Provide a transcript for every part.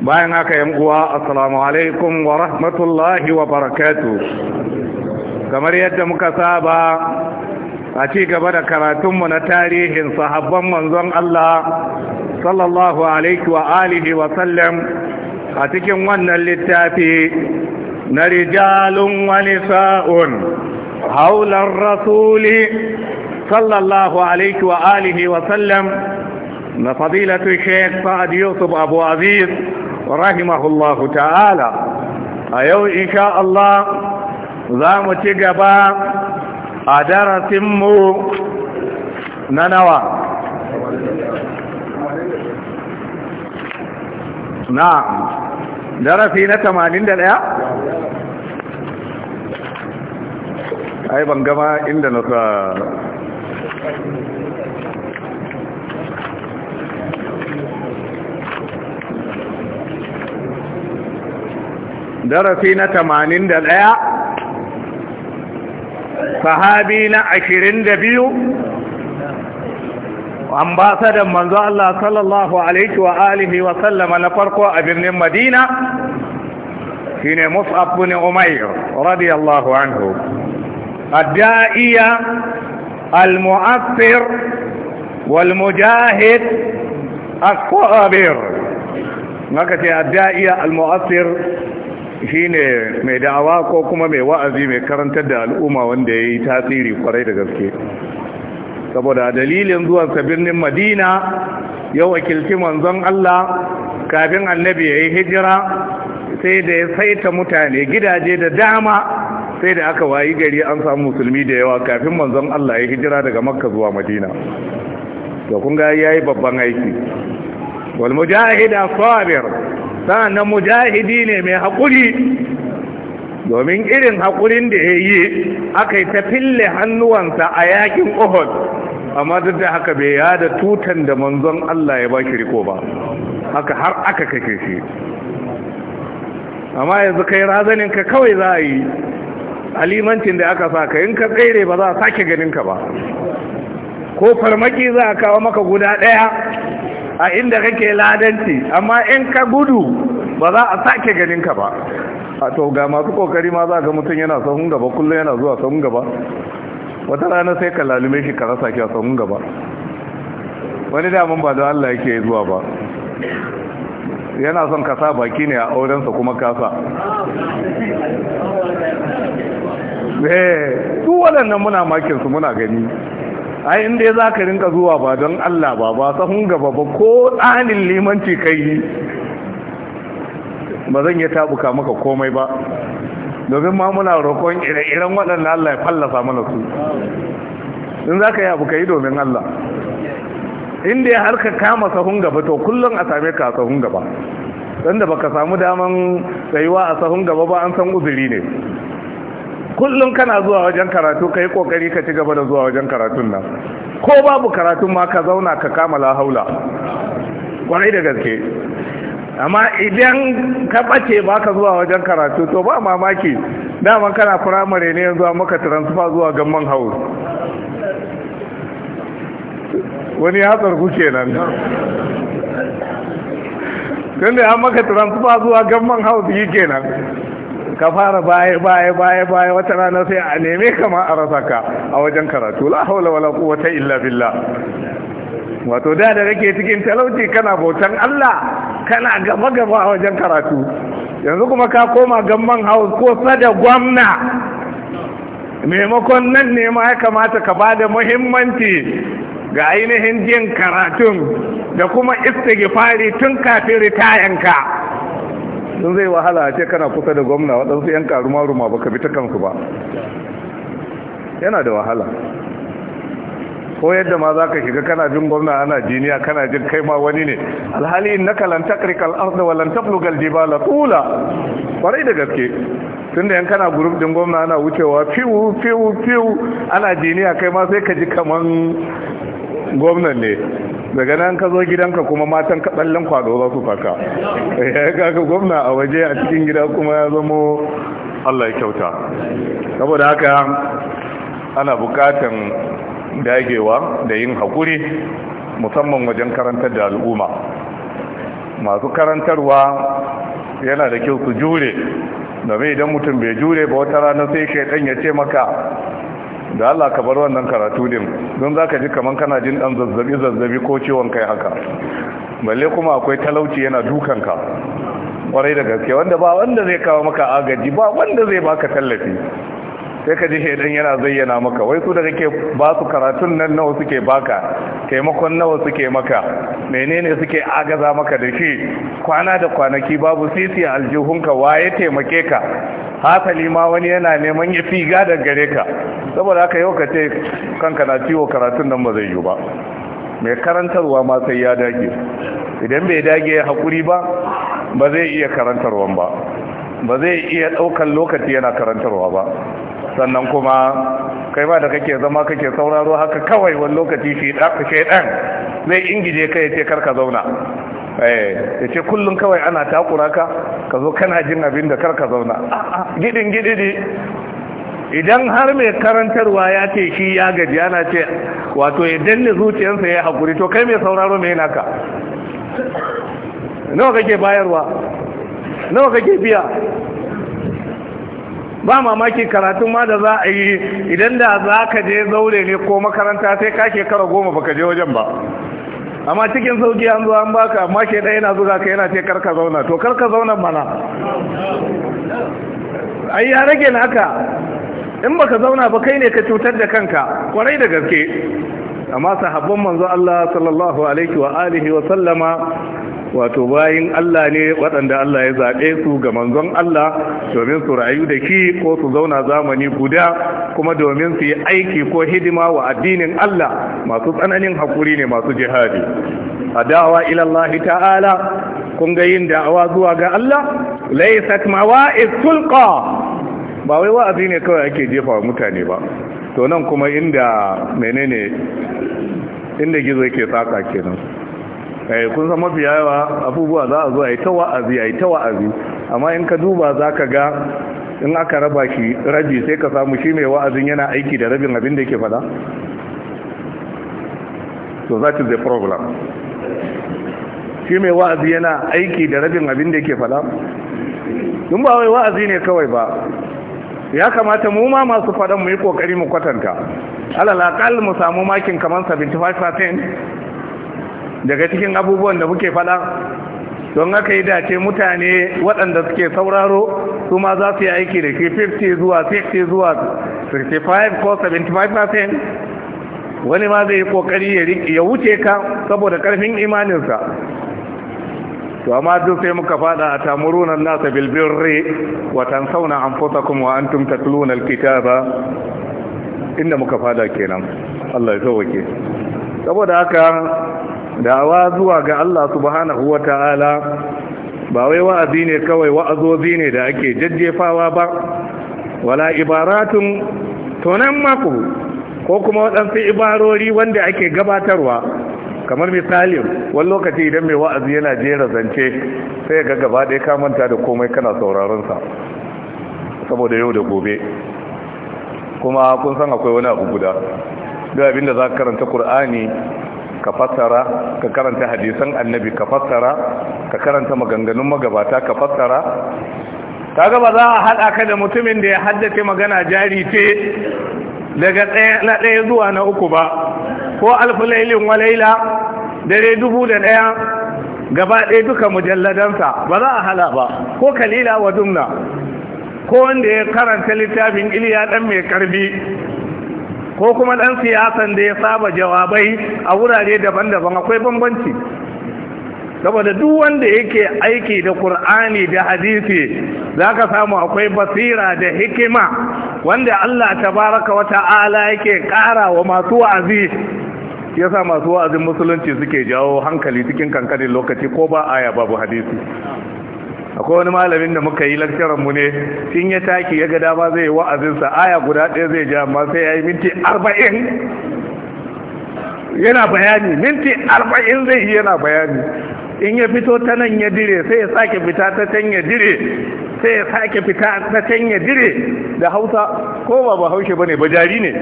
bayan haka yan uwa assalamu alaikum wa rahmatullahi wa barakatuh kamar yadda muka saba a ci gaba da karatunmu na tarihin sahabban manzon Allah sallallahu alaihi wa alihi wa sallam a cikin wannan littafi na rijalun wa nisa'un haular rasuli sallallahu alaihi wa alihi wa sallam na fadilatu sheikh sa'ad yusuf abu aziz rahimahullahu ta'ala a yau insha Allah za mu ci gaba a darasinmu na nawa na darasi na 81 ai ban gama inda na sa درسي نا صحابينا صحابي دبيو 22 وامباسد منزو الله صلى الله عليه واله وسلم انا فرقو ابن المدينه في مصعب بن عمير رضي الله عنه الدائية المؤثر والمجاهد الصابر ما كتي الدائية المؤثر shine mai da'awa ko kuma mai wa'azi mai karantar da al'umma wanda ya yi tasiri kwarai da gaske saboda dalilin zuwansa birnin madina ya wakilci manzon Allah kafin annabi ya yi hijira sai da ya saita mutane gidaje da dama sai da aka wayi gari an samu musulmi da yawa kafin manzon Allah ya yi hijira daga makka zuwa madina da kun ga ya yi babban aiki wal mujahida sabir na mujahidi ne mai haƙuri domin irin haƙurin da ya yi aka yi ta fille hannuwansa a yakin ohud amma duk da haka bai yada tutan da manzon Allah ya ba shi riko ba haka har aka kake shi amma yanzu kai razaninka kawai za a yi alimancin da aka sa ka in ka tsere ba za a sake ganinka ba ko farmaki za a kawo maka guda ɗaya a inda kake ladanci amma in ka gudu ba za a sake ganin ka ba a to ga masu kokari ma za ga mutum yana sahun gaba kullum yana zuwa sahun gaba wata rana sai ka lalume shi ka rasa shi a sahun gaba wani daman ba da Allah yake zuwa ba yana son kasa baki ne a aurensa kuma kasa eh su waɗannan muna makinsu muna gani ai inda ya za ka rinka zuwa ba don Allah ba ba sahun gaba ba ko tsanin limanci kai ba zan yi tabuka maka komai ba domin ma muna roƙon ire-iren waɗanda Allah ya fallasa mana su in za ka yi abu ka yi domin Allah inda ya harka kama sahun gaba to kullum a same ka a sahun gaba don da baka samu daman tsayuwa a sahun gaba ba an san uzuri ne kullum kana zuwa wajen karatu ka yi kokari ka ci gaba da zuwa wajen karatun nan ko babu karatun ma ka zauna ka kama lahaula kwarai da gaske amma idan ka ɓace ba ka zuwa wajen karatu to ba mamaki daman kana firamare ne yanzu a maka transfer zuwa gamman house wani ya tsarku kenan tun da ya maka transfer zuwa gamman house yi kenan ka fara baya baya baya baya wata rana sai a neme ka a rasa ka a wajen karatu la haula wala quwwata illa billah wato da da kake cikin talauci kana bautan Allah kana gaba gaba a wajen karatu yanzu kuma ka koma gamman house ko sada gwamna maimakon nan ne ma ya kamata ka bada muhimmanci ga ainihin jin karatun da kuma istighfari tun kafin ritayanka sun zai wahala a ce kana kusa da gwamna waɗansu yan karuma-ruma ba ka bi ta kansu ba yana da wahala ko yadda ma za ka shiga kana jin gwamna ana jiniya kana jin kai ma wani ne alhali na kalantakrikal arda walantablugal jibala tula kwarai da gaske tun da yan kana guruf din gwamna ana wucewa fiwu fiwu fiwu ana jiniya kai ma sai ka ji kaman gwamnan ne daga nan ka zo gidanka kuma matan ka kwado za su faka ya eh, kaka gwamna a waje a cikin gida kuma ya zamo Allah ya kyauta saboda haka ana bukatan dagewa da yin haƙuri, musamman wajen karantar da al'umma masu karantarwa yana da kyau su jure mai idan mutum bai jure ba wata rana sai shaidan ya ce maka da Allah ka bar wannan karatu din don zaka ji kaman kana jin ɗan zazzabi zazzabi ko ciwon kai haka balle kuma akwai talauci yana dukan ka kwarai da gaske wanda ba wanda zai kawo maka agaji ba wanda zai baka tallafi sai ka ji shaidan yana zayyana maka wai su da kake ba su karatun nan nawa suke baka taimakon nawa suke maka menene suke agaza maka da shi kwana da kwanaki babu sisi aljihunka waye taimake ka hakali ma wani yana neman ya fi gada gare ka saboda haka yau ka ce kanka na ciwo karatun nan ba zai yi ba mai karantarwa ma sai ya dage idan bai dage ya haƙuri ba ba zai iya karantarwan ba ba zai iya ɗaukan lokaci yana karantarwa ba sannan kuma kai ma da kake zama kake sauraro haka kawai wani lokaci ɗan zai ingije kai ce karka zauna Eh, ya ce kullum kawai ana takura ka ka zo kana jin abin da karka zauna gidin ne. idan har mai karantarwa ya ce shi ya gaji ana ce wato ya danne zuciyarsa ya haƙuri to kai mai sauraro mai naka nawa kake bayarwa nawa kake biya ba mamaki karatun ma da za a yi idan da za ka je zaure ne ko makaranta sai ka shekara goma baka je wajen ba amma cikin sauki an zo an baka amma ke ɗaya yana zuga ka yana ce karka zauna to karka zauna mana ai ya rage haka in baka zauna ba kai ne ka cutar da kanka kwarai da gaske amma sahabban manzo Allah sallallahu alaihi wa alihi wa sallama wato bayin Allah ne waɗanda Allah ya zaɓe su ga manzon Allah domin su rayu da ki ko su zauna zamani guda kuma domin su yi aiki ko hidima wa addinin Allah masu tsananin haƙuri ne masu jihadi A dawa ilallah ta'ala kun ga yin da'awa zuwa ga Allah laysat mawa'iz tulqa ba wai wa'azi ne kawai ake jefa wa mutane ba to nan kuma inda menene inda gizo yake saka kenan kun san mafi yawa abubuwa za a zo a yi ta wa'azi a yi ta wa'azi amma in ka duba za ka ga in aka raba shi rabi sai ka samu shi mai wa'azin yana aiki da rabin abin da yake fada so that is the problem shi mai wa'azi yana aiki da rabin abin da yake fada in ba wai wa'azi ne kawai ba ya kamata mu ma masu fadan mu yi kokari mu kwatanta alal aqal mu samu makin kaman 75% daga cikin abubuwan da muke fada don haka yi dace mutane waɗanda suke sauraro su ma za su yi aiki da ke 50 zuwa 60 zuwa 65 ko 75% wani ma zai yi kokari ya wuce ka saboda karfin imaninsa to amma duk sai muka fada a tamuruna nasa bilbirri wa tansawna anfusakum wa tulunar tatluna ba inda muka fada kenan Allah ya wake saboda haka dawa zuwa ga Allah subhanahu ta'ala ba wai wa'azi ne kawai wa'azozi ne da ake jajjefawa ba wala ibaratun tonan maku. ko kuma waɗansu ibarori wanda ake gabatarwa kamar misali wani lokaci idan mai wa'azi yana jera zance sai ga gaba ɗaya ka manta da komai kana sauraron sa saboda yau da gobe kuma kun san akwai wani abu guda duk abinda za ka karanta Kur'ani. ka fassara ka karanta hadisan annabi ka fassara ka karanta maganganun magabata ka fassara kaga ba za a haɗa ka da mutumin da ya haddace magana jari ce daga na ɗaya zuwa na uku ba ko alfulailin walaila dare dubu da ɗaya gaba ɗaya duka mujalladansa ba za a hala ba ko kalila wa dumna ko wanda ya karanta littafin iliya ɗan mai karbi ko kuma ɗan siyasan da ya saba jawabai a wurare daban-daban akwai bambanci saboda duk wanda yake aiki da Kur'ani da hadisi za ka samu akwai basira da hikima wanda Allah ta baraka wata ala yake ƙara wa masu wa'azi sa masu wa'azin musulunci suke jawo hankali cikin kankanin lokaci ko ba aya babu hadisi akwai wani malamin da muka yi lakcaran mu ne sun ya taki ya gada dama zai yi wa'azin sa aya guda ɗaya zai ja amma sai yi minti arba'in yana bayani minti arba'in zai yi yana bayani in ya fito ta nan ya dire sai ya sake fita ta can ya dire sai ya sake fita ta can ya dire da hausa ko ba ba haushe bane ba jari ne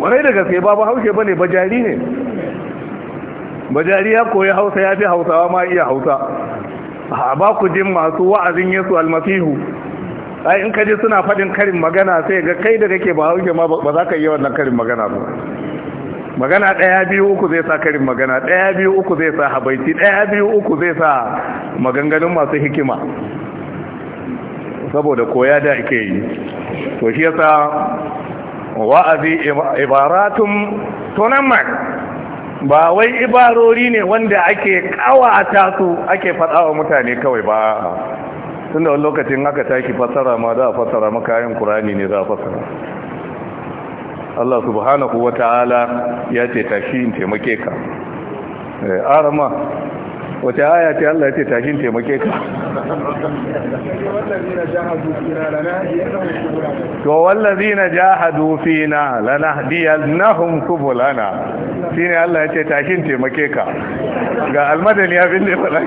warai da gaske ba ba haushe bane ba jari ne bajari ya koyi hausa ya fi hausawa ma iya hausa a ba ku jin masu wa'azin yesu almasihu ai in ka ji suna faɗin karin magana sai ga kai da kake ba hauke ma ba za ka yi wannan karin magana ba magana ɗaya biyu uku zai sa karin magana ɗaya biyu uku zai sa habaiti ɗaya biyu uku zai sa maganganun masu hikima saboda koya da ake yi to shi yasa wa'azi ibaratun mai. ba wai ibarori ne wanda ake kawata su ake faɗawa mutane kawai ba tun wani lokacin haka taki fasara ma za a fasara makayan kurani ne za a fasara Allah subhanahu wa ta'ala ya ce tashi in taimake ka eh, arama wata aya ce Allah ya ce tashin taimake ka to wallazina jahadu fina lanahdiyannahum subulana shine Allah ya ce tashin taimake ka ga almadani abin da ya faɗa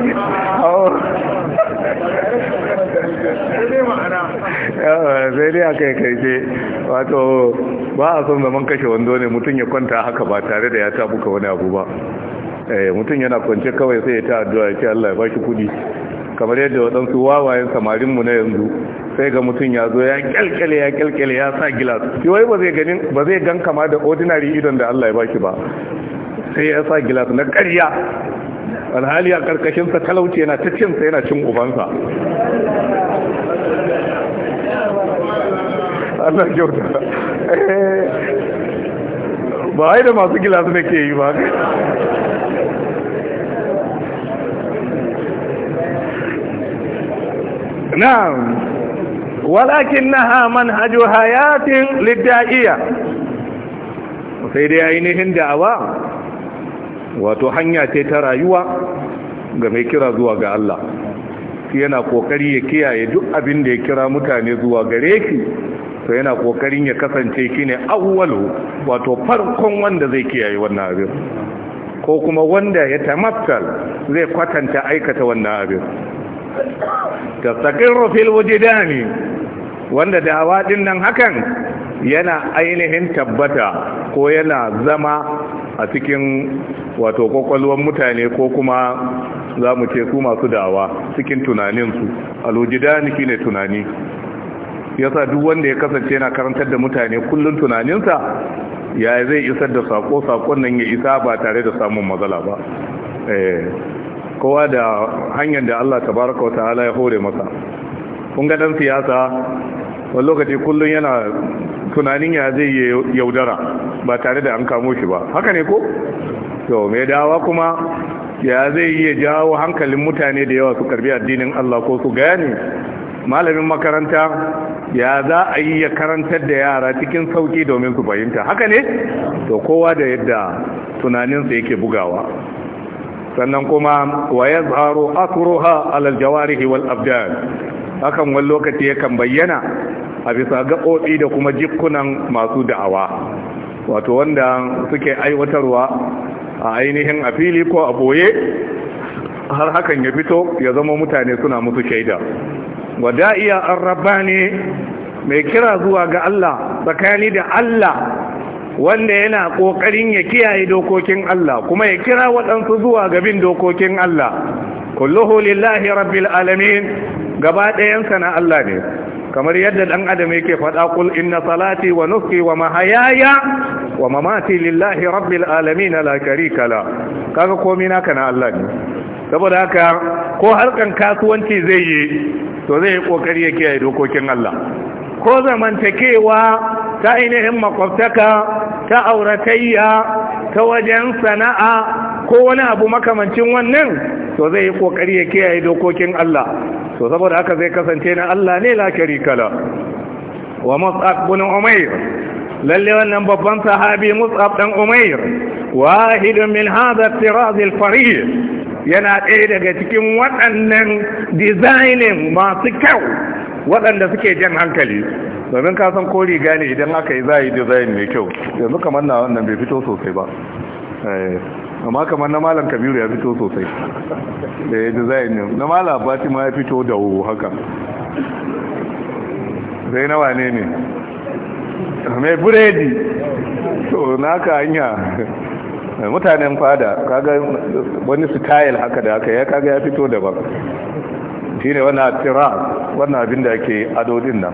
ke sai dai aka yi ce wato ba a son zaman kashe wando ne mutum ya kwanta haka ba tare da ya tabuka wani abu ba eh mutum yana kwance kawai sai ya ta addu'a ya ce Allah ya baki kudi kamar yadda waɗansu wawayen samarin mu na yanzu sai ga mutum ya zo ya kyalkyale ya kyalkyale ya sa gilas shi wai ba zai ganin ba zai gan kama da ordinary idon da Allah ya baki ba sai ya sa gilas na ƙarya alhali a karkashin sa talauci yana ta cin sa yana cin ubansa Allah kyauta eh, ba wai da masu gilas ne ke yi ba na'am walakinnaha manhaju hayatin lidda'iya sai dai ainihin da'awa wato hanya ce ta rayuwa ga kira zuwa ga Allah yana kokari ya kiyaye duk abinda ya kira mutane zuwa gare ki to yana kokarin ya kasance shine awwalu wato farkon wanda zai kiyaye wannan abin ko kuma wanda ya tamattal zai kwatanta aikata wannan abin tastaqirru fil wujdani wanda dawa din nan hakan yana ainihin tabbata ko yana zama a cikin wato kwakwalwar mutane ko kuma za mu ce su masu dawa cikin tunaninsu alwujidani shine tunani yasa duk wanda ya kasance yana karantar da mutane kullum tunaninsa ya zai isar da sako sakon nan ya isa ba tare da samun matsala ba kowa da hanyar da Allah tabaraka wa ta'ala ya hore masa kun ga dan siyasa wani lokaci kullum yana tunanin ya zai yaudara ba tare da an kamo shi ba haka ne ko to mai dawa kuma ya zai iya jawo hankalin mutane da yawa su karbi addinin Allah ko su gane malamin makaranta ya za a yi ya karantar da yara cikin sauki domin su fahimta haka ne to kowa da yadda tunaninsa yake bugawa sannan kuma wa yazharu asruha ala aljawarihi wal abdan hakan wani lokaci yakan bayyana a bisa gaɓoɓi da kuma jikunan masu da'awa wato wanda suke aiwatarwa a ainihin a fili ko a boye har hakan ya fito ya zama mutane suna musu shaida Wa da'iya an rabba ne mai kira zuwa ga Allah tsakani da Allah wanda yana ƙoƙarin ya kiyaye dokokin Allah kuma ya kira waɗansu zuwa gabin dokokin Allah kulluhu lillahi rabbil alamin gaba ɗayansa na Allah ne kamar yadda ɗan adam yake faɗa kul inna salati wa Nufi wa mahayaya wa mamati lillahi rabbil alamin la sharika la kaga komai naka na Allah ne saboda haka ko harkan kasuwanci zai yi to zai yi kokari ya kiyaye dokokin Allah ko zamantakewa ta ainihin makwabtaka ta auratayya ta wajen sana'a ko wani abu makamancin wannan to zai yi kokari ya kiyaye dokokin Allah to saboda haka zai kasance na Allah ne lakari kala wa mus'ab bin umayr lalle wannan babban sahabi mus'ab dan umayr wahidun min hadha tiraz al yana ɗaya daga cikin waɗannan dizainin masu kyau waɗanda suke jan hankali domin ka san ko riga ne idan aka yi zai a yi design mai kyau yanzu kamar na wannan bai fito sosai ba eh, amma kamar na malam kabiru ya fito sosai da eh, ya design ne na malam abati ma ya fito da haka sai na wane ne mai buredi to naka hanya eh, mutanen fada kaga wani style haka da haka ya kaga ya fito daban shi ne wannan tira wannan abin da ake adodin nan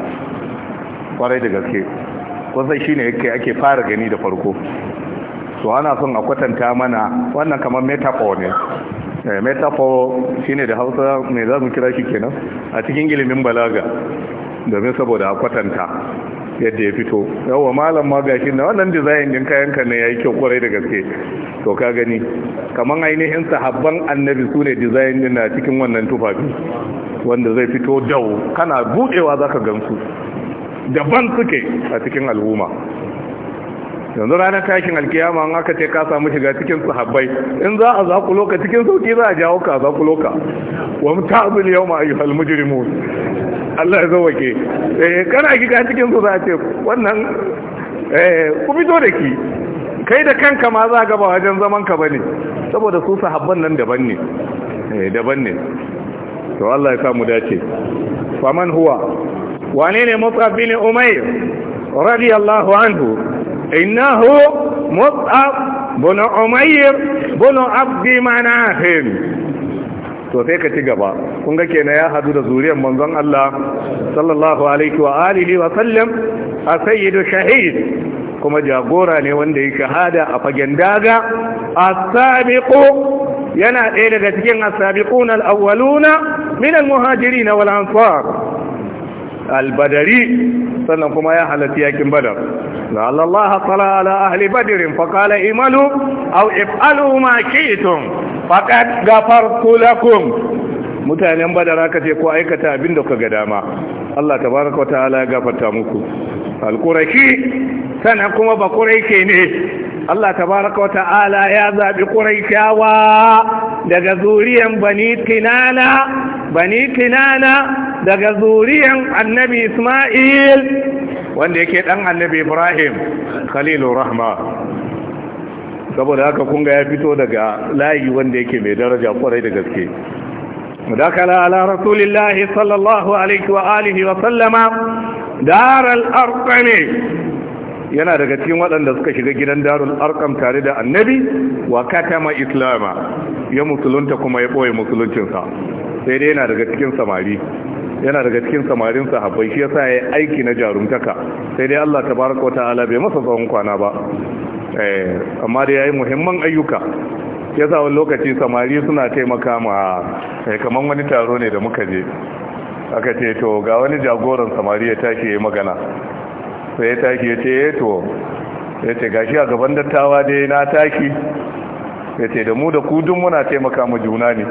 kwarai da gaske kusan shi ne yake ake fara gani da farko so ana son a kwatanta mana wannan kamar metafo ne eh, metafo shi ne da hausa mai za mu kira shi kenan a cikin ilimin balaga domin saboda a kwatanta yadda ya fito yawa malam ma gashi na wannan design din kayan ka ne yi kyau kwarai da gaske to ka gani kaman ainihin sahabban annabi su ne design din na cikin wannan tufafi wanda zai fito dau kana buɗewa za ka gansu daban suke a cikin al'umma yanzu ranar takin alkiyama an aka ce ka samu shiga cikin sahabbai in za a ku loka cikin sauki za a jawo ka ku loka wa yau ma ayyuhal mujrimun Allah ya zawake eh kana ga cikin su za ce wannan eh ku fito da ki kai da kanka ma za ga ba wajen zaman ka bane saboda su sahabban nan daban ne eh daban ne to Allah ya samu dace Fa man huwa wane ne Mus'ab bin Umayr radiyallahu anhu innahu Mus'ab bin Umayr bin abdi Manaf to sai ka ci gaba kun ga kenan ya hadu da zuriyar manzon Allah sallallahu alaihi wa alihi wa sallam a sayyidu shahid kuma jagora ne wanda ya shahada a fagen daga as-sabiqu yana ɗaya daga cikin as-sabiquna al-awwaluna min al-muhajirin wal ansar albadari sannan kuma ya halatta yakin badar da Allah tala ala ahli badirin faƙala imalu au if'alu ma kitum faqad ghafartu lakum mutanen badar aka ce ko aikata abin da kuka ga dama Allah tabaraka wa ta'ala ya gafarta muku al sannan kuma ba quraike ne Allah tabaraka wa ta'ala ya zaɓi ƙuraishawa daga zuriyan bani kinana bani kinana daga zuriyan annabi isma'il wanda yake ɗan annabi ibrahim khalilu rahma saboda haka kunga ya fito daga layi wanda yake mai daraja kwarai da gaske دخل على رسول sallallahu alaihi الله عليه وآله وسلم دار الأرقم yana daga cikin waɗanda suka shiga gidan darul arkam tare da annabi wa katama islama ya musulunta kuma ya ɓoye musuluncinsa sai dai yana daga cikin samari yana daga cikin samarin sahabbai shi yasa ya aiki na jarumtaka sai dai Allah tabaraka wataala bai masa tsawon kwana ba eh amma dai yayi muhimman ayyuka yasa wani lokaci samari suna taimaka ma eh, kamar wani taro ne da muka je aka ce to ga wani jagoran samari ya tashi ya yi magana sai ya taki ya ce ya eh to ya ce gashi a gaban dattawa dai na taki ya ce da mu da kudin muna taimaka ma juna ne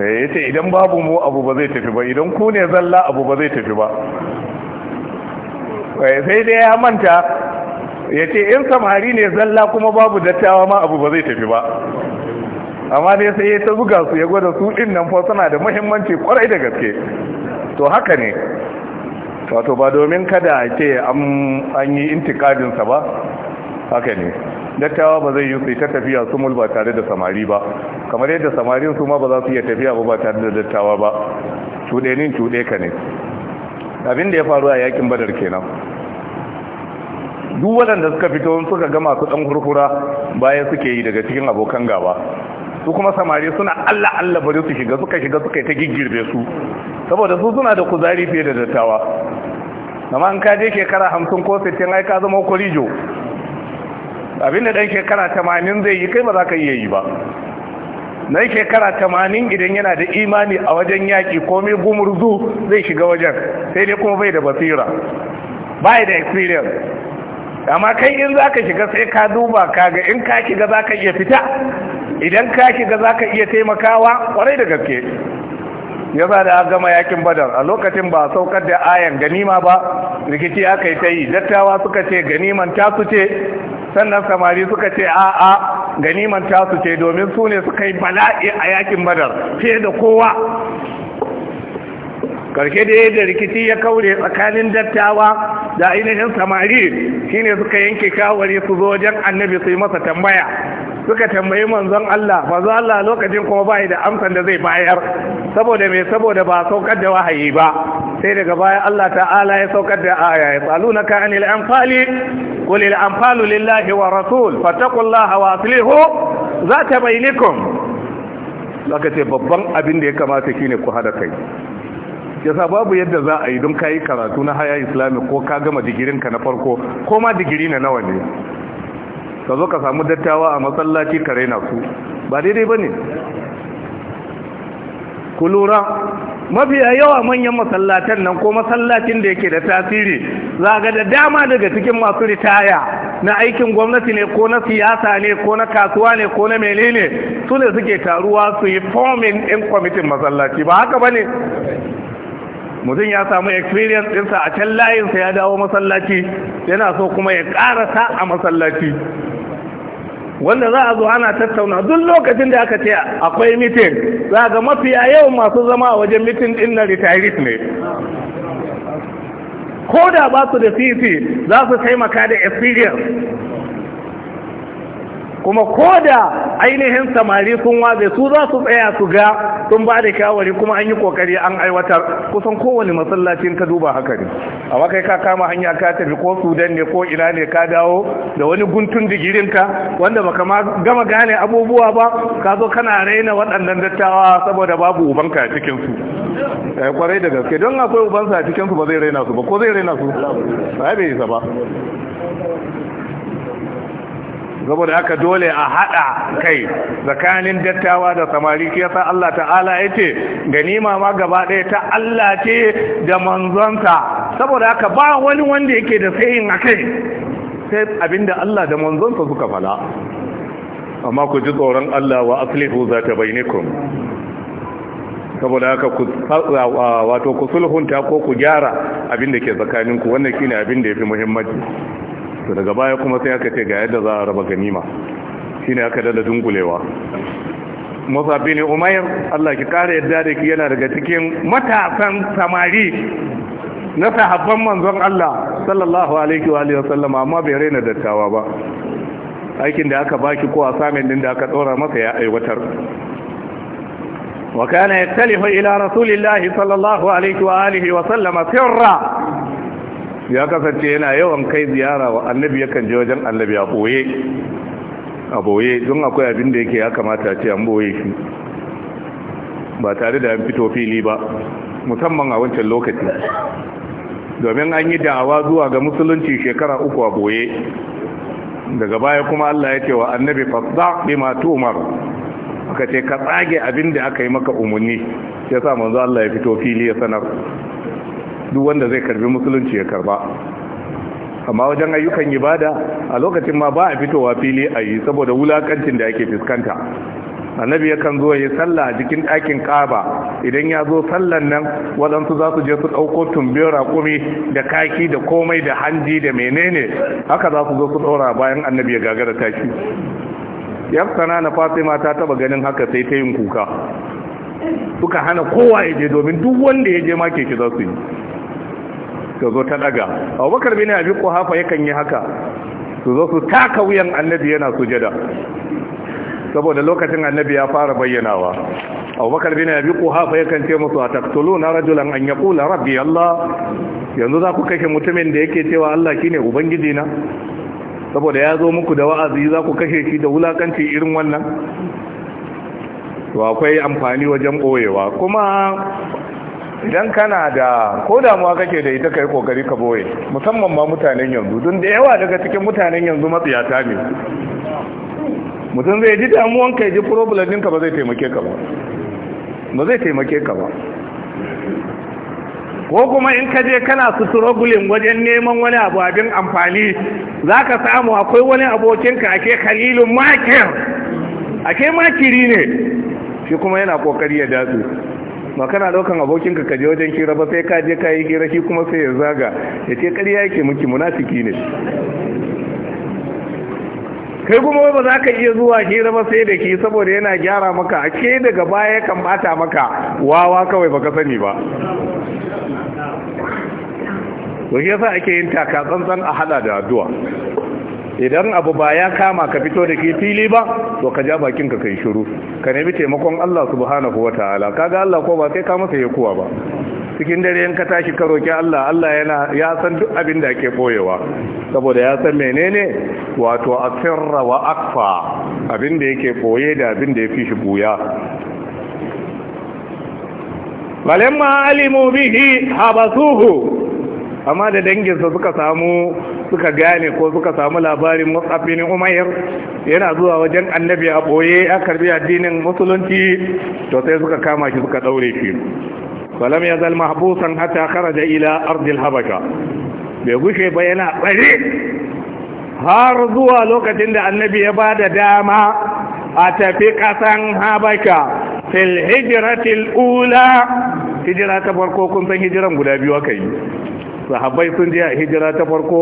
eh, ya ce idan babu mu abu ba zai tafi ba idan ku ne zalla abu ba zai tafi ba eh, sai dai ya manta ya ce in samari ne zalla kuma babu dattawa ma abu ba zai tafi ba amma dai sai ya ta buga su ya gwada su in nan fa suna da muhimmanci kwarai da gaske to haka ne wato ba domin kada a ce an yi intikadinsa ba haka ne dattawa ba zai yi su ta tafiya sumul ba tare da samari ba kamar yadda samarin su ma ba za su iya tafiya ba ba tare da dattawa ba cuɗenin cuɗe ka ne abin da ya faru a yakin badar kenan duk waɗanda suka fito suka gama su ɗan kurkura bayan suke yi daga cikin abokan gaba su kuma samari suna Allah Allah bari su shiga suka shiga suka yi ta giggirbe su saboda su suna da kuzari fiye da dattawa amma an kaje shekara hamsin ko sittin ai ka zama kurijo abinda dan shekara tamanin zai yi kai ba za ka iya yi ba na shekara tamanin idan yana da imani a wajen yaƙi mai gumurzu zai shiga wajen sai dai kuma bai da basira bai da experience amma kai in za ka shiga sai ka duba ka, ga in ka shiga za ka iya fita idan ka shiga za ka iya taimakawa kwarai da gaske ya za da gama yakin badar a lokacin ba saukar da ayan ganima ba rikici aka yi ta yi dattawa suka ce ganiman ta su ce sannan samari suka ce a'a ganiman ta su ce domin su ne suka yi bala'i a yakin badar fiye da kowa karshe da da rikici ya kaure tsakanin dattawa da ainihin samari shine suka yanke shawari su zo wajen annabi su yi masa tambaya suka tambayi manzon Allah manzon Allah lokacin kuma bai da amsan da zai bayar saboda me saboda ba saukar da wahayi ba sai daga baya Allah ta'ala ya saukar da aya ya salunaka anil anfali qul al anfalu lillahi wa rasul fattaqullaha wa aslihu zata bainakum zaka ce babban abin da ya kamata shine ku hada kai yasa babu yadda za a yi don kayi karatu na haya islami ko ka gama ka na farko ko ma digiri na nawa ne ka zo ka samu dattawa a masallaci ka raina su ba daidai ba ne ku lura mafiya yawa manyan matsalatan nan ko masallacin da yake da tasiri za ga da dama daga cikin masu ritaya na aikin gwamnati ne ko na siyasa ne ko na kasuwa ne ko na menene su ne suke taruwa su yi forming in kwamitin masallaci ba haka ba ne mutum ya samu experience ɗinsa a can layinsa ya dawo masallaci yana so kuma ya ƙarasa a masallaci wanda za a zo ana tattauna duk lokacin da aka ce akwai mitin za ga mafiya yawan masu zama a wajen mitin ɗin na retirees ne ko da ba su da sisi e za su taimaka da experience kuma ko da ainihin samari sun waje su za su tsaya su ga sun ba da kyawari kuma an yi kokari an aiwatar kusan kowane masallacin ka duba haka ne amma kai ka kama hanya ka tafi ko sudan ne ko ina ne ka dawo da wani guntun digirinka wanda baka ma gama gane abubuwa ba ka zo kana raina waɗannan dattawa saboda babu ubanka a cikin su eh, kwarai da gaske don akwai ubansa a cikin su ba zai raina su ba ko zai raina su ba bai isa ba saboda aka dole a hada kai tsakanin dattawa da samari shi yasa Allah ta'ala yace ganima ma gaba ɗaya ta Allah ce da manzonsa saboda haka ba wani wanda yake da sayin akai sai abinda Allah da manzonsa suka fala amma ku ji tsoron Allah wa aslihu zata bainakum saboda haka ku wato ku sulhunta ko ku gyara abin ke tsakaninku wannan shine abin da yafi muhimmanci to daga baya kuma sai aka ce ga yadda za a raba ganima shine aka dada dungulewa. Musa bin umar! Allah ki kare yadda da ki yana daga cikin matasan samari na sahabban manzon Allah sallallahu alaihi wa alihi amma bai raina dattawa ba aikin da aka baki ko assignment din da aka tsora masa ya aiwatar wa kana yaktalifu ila rasulillahi sallallahu alaihi wa alihi wa sallama sirra ya kasance yana yawan kai ziyara wa annabi yakan je wajen annabi a boye a boye don akwai abin da yake ya kamata ce an boye shi ba tare da an fito fili ba musamman a wancan lokaci domin an yi da'awa zuwa ga musulunci shekara uku a boye daga baya kuma Allah ya ce wa annabi fasda bima tumar aka ce ka tsage abin da aka yi maka umarni ya sa manzo Allah ya fito fili ya sanar duk wanda zai karbi musulunci ya karba amma wajen ayyukan ibada a lokacin ma ba a fitowa fili a yi saboda wulakancin da ake fuskanta annabi ya kan zo ya sallah a jikin ɗakin ƙaba idan ya zo sallan nan waɗansu za su je su ɗauko tumbin raƙumi da kaki da komai da hanji da menene haka za su zo su ɗora bayan annabi ya gagara tashi sana na fatima ta taɓa ganin haka sai ta yin kuka suka hana kowa ya je domin duk wanda ya je ma keke za su yi ta zo ta daga abubakar bin abi kuhafa yakan yi haka su zo su taka wuyan annabi yana sujada saboda lokacin annabi ya fara bayyanawa abubakar bin abi kuhafa yakan ce musu a ataqtuluna rajulan an yaqula rabbi allah yanzu za ku kashe mutumin da yake cewa allah ne ubangiji na saboda ya zo muku da wa'azi za ku kashe shi da wulakanci irin wannan to akwai amfani wajen boyewa kuma idan kana da ko damuwa kake da ita kai kokari ka boye musamman ma mutanen yanzu don da yawa daga cikin mutanen yanzu matsiyata ne mutum zai ji damuwan ka ji problem ɗinka ba zai taimake ka ba ba zai taimake ka ba ko kuma in ka je kana struggling wajen neman wani abu abin amfani za ka samu akwai wani abokinka ake khalilun makir ake makiri ne shi kuma yana kokari ya datsu ma kana daukan abokin kaje wajen hira ba sai ka je kai kira shi kuma sai ya zaga ya ce ƙarya yake miki munafiki ne kai kuma ba za ka iya zuwa hira ba sai da ke saboda yana gyara maka a ke daga baya kan bata maka wawa kawai baka sani ba to shi yasa ake yin taka tsantsan a hada da addu'a idan abu ba ya kama ka fito da ke fili ba to ka ja bakin ka kai shiru ka nemi taimakon Allah subhanahu wataala kaga Allah ko ba sai ka masa yakuwa ba cikin dare in ka tashi ka roki Allah Allah yana ya san duk abin da ake boyewa saboda ya san menene wato asirra wa akfa abin da yake boye da abin da ya fi shi buya balamma alimu bihi habasuhu amma da danginsa suka samu suka gane ko suka samu labarin musafin umayyar yana zuwa wajen annabi a ɓoye a karbi addinin musulunci to sai suka kama shi suka ɗaure shi falam ya zalma habusan hatta kharaja ila ardil habasha bai gushe ba yana tsare har zuwa lokacin da annabi ya ba da dama a tafi kasan habasha fil hijratil ula hijira ta farko kun san hijiran guda biyu aka yi sahabbai sun je a hijira ta farko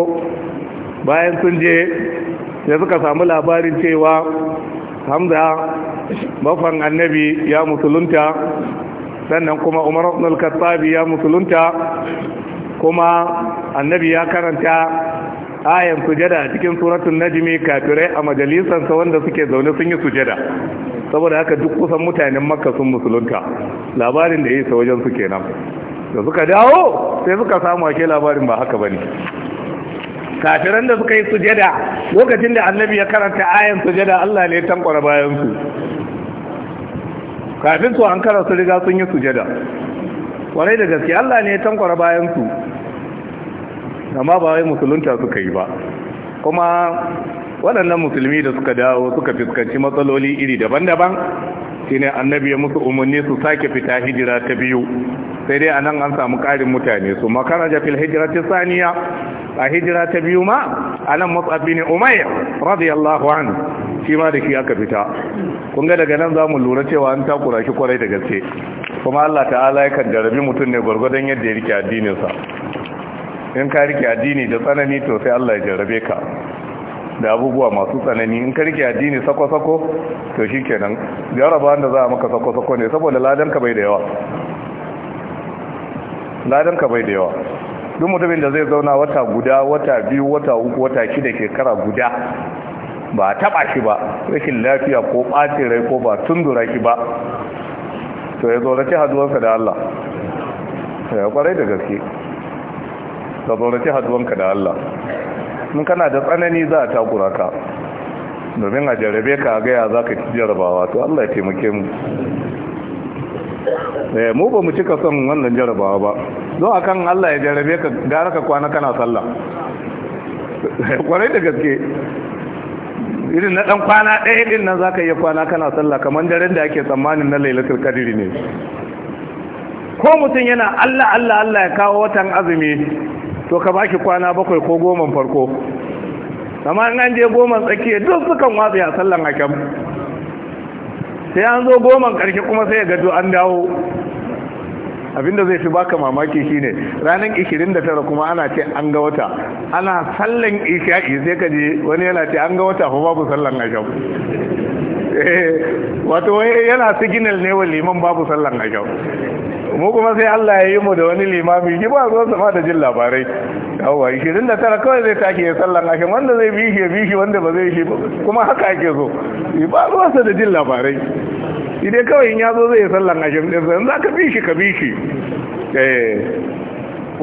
bayan sun je sai suka samu labarin cewa hamza bafan annabi ya musulunta sannan kuma umar al kattabi ya musulunta kuma annabi ya karanta ayan sujada a cikin suratun najmi kafirai a majalisansa wanda suke zaune sun yi sujada saboda haka duk kusan mutanen makka sun musulunta labarin da ya isa wajen su kenan da suka dawo sai suka samu ake labarin ba haka bane kafiran da suka yi sujada lokacin da annabi ya karanta ayan sujada Allah ne ya tankwara bayan su kafin su an kara su riga sun yi sujada kwarai da gaske Allah ne ya tankwara bayan su amma ba wai musulunta suka yi ba kuma waɗannan musulmi da suka dawo suka fuskanci matsaloli iri daban-daban shine annabi ya musu umarni su sake fita hijira ta biyu sai dai anan an samu karin mutane su ja fil hijrati saniya a hijira ta biyu ma anan mus'ab bin umayr radiyallahu anhu shi ma da aka fita kun ga daga nan zamu lura cewa an takura shi kwarai da gaske kuma Allah ta'ala yakan jarabi mutum ne gwargwadon yadda ya rike addinin sa in ka rike addini da tsanani to sai Allah ya jarabe ka da abubuwa masu tsanani in ka rike addini sako-sako to shi jaraba da za a maka sako-sako ne saboda ladan ka bai da yawa ladan ka bai da yawa duk mutumin da zai zauna wata guda wata biyu wata uku wata shida shekara guda ba a taba shi ba rashin lafiya ko ɓace rai ko ba tundura shi ba to ya tsoraci haduwansa da Allah ya kwarai da gaske ka tsoraci haduwanka da Allah in kana da tsanani za a takura ka domin a jarabe ka gaya za ka ci jarabawa to Allah ya taimake mu Eh, mu ba mu cika son wannan jarabawa ba zo akan Allah ya jarabe ka gara ka kwana kana sallah kwarai da gaske irin na dan kwana ɗaya din nan zaka iya kwana kana sallah kamar daren da ake tsammanin na lailatul qadr ne ko mutum yana Allah Allah Allah ya kawo watan azumi to ka baki kwana bakwai ko goma farko amma in an je goma tsakiya duk sukan watsa a sallan hakan sai an zo goman karshe kuma sai ya gado an dawo abinda zai fi baka mamaki shine ranar ishirin da tara kuma ana ce an ga wata ana sallan isha'i sai ka je wani yana ce an ga wata babu sallan asham wato wai yana signal ne wa liman babu sallan a kyau mu kuma sai Allah ya yi mu da wani limami ki ba zuwa sama da jin labarai yawa 29 kawai zai take ya sallan a wanda zai bishi ya bishi wanda ba zai shi kuma haka ake so ba zuwa sa da jin labarai idai kawai in ya zo zai sallan a shin din za ka bishi ka bishi. Eh,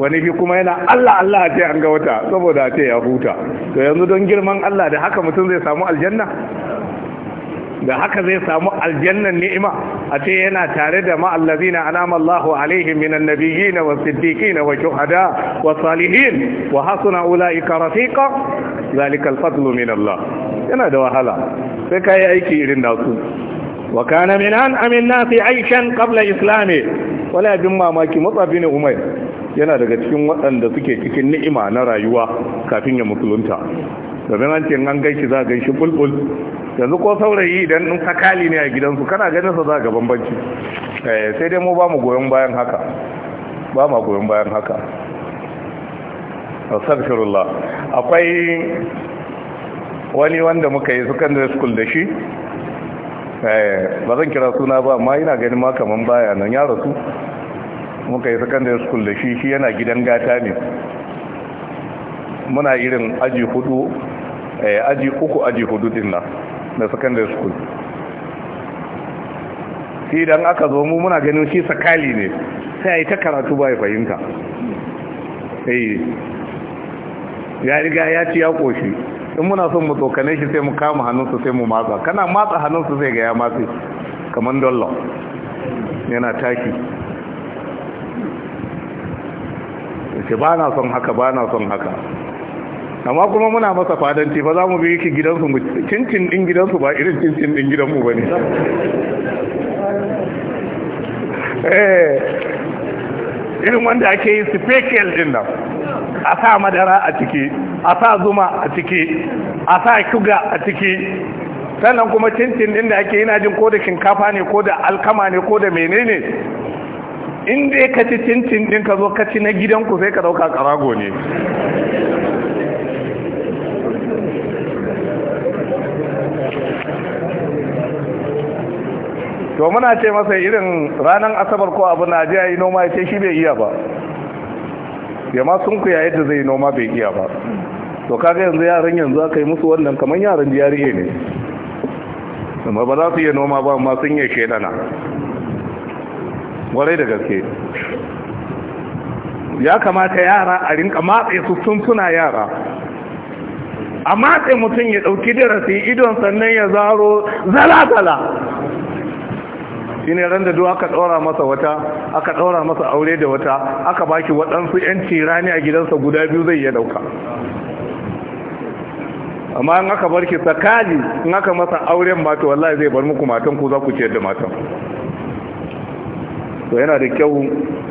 wani fi kuma yana Allah Allah a ce an ga wata saboda a ce ya huta to yanzu don girman Allah da haka mutum zai samu aljanna da haka zai samu aljannan ni'ima a ce yana tare da ma'allazina anama Allahu alaihim minan nabiyyin wa siddiqin wa shuhada wa salihin wa hasuna ulaika rafiqa zalika al-fadl min Allah yana da wahala sai kai aiki irin da su wa kana min an amin nasi aishan qabla islami wala bin mamaki matsabi ne yana daga cikin waɗanda suke cikin ni'ima na rayuwa kafin ya musulunta domin an ce an gan za a ganshi bulbul yanzu ko saurayi idan in kakali ne a gidansu kana ganin sa za ga bambanci eh, sai dai mu ba mu goyon bayan haka ba mu goyon bayan haka astaghfirullah akwai wani wanda muka yi secondary school da shi eh, ba zan kira suna ba amma ina ganin ma kaman baya nan ya rasu muka yi secondary school da shi shi yana gidan gata ne muna irin aji hudu Eh, aji uku aji hudu din nan na secondary school sai idan aka zo mu muna ganin shi sakali ne sai a yi ta karatu ba ya fahimta eh, ya riga ya ci ya koshi in muna son mu tsokane shi sai mu kama hannunsa sai mu matsa kana matsa hannunsa sai ga ya matsi kamar dollon yana taki ce ba na son haka ba na son haka amma kuma muna masa fadanci ba za mu bi yake gidansu mu. cincin din gidansu ba irin cincin din gidanmu ba ne eh, irin wanda ake yi special din nan a sa madara a ciki a sa zuma a ciki a sa shuga a ciki sannan kuma cincin din da ake yana jin ko da shinkafa ne ko da alkama ne ko da menene in dai ka ci cincin din ka zo ka ci na gidanku sai ka dauka karago ne to muna ce masa irin ranar asabar ko abu na jiya yi noma ya ce shi bai iya ba ya ma sun ku yayin da zai noma bai iya ba to kaga yanzu yaran yanzu aka yi musu wannan kamar yaran jariye ne amma ba za su iya noma ba amma sun yi shedana gwarai da gaske ya kamata yara a rinka matse su sun suna yara a matse mutum ya ɗauki darasi idon sannan ya zaro zala-zala shine ran da duk aka ɗora masa wata aka ɗora masa aure da wata aka baki waɗansu yanci rani a gidansa guda biyu zai iya ɗauka amma in aka barki tsakali in aka masa auren mata wallahi zai bar muku matan ku za ku ciyar da matan to yana da kyau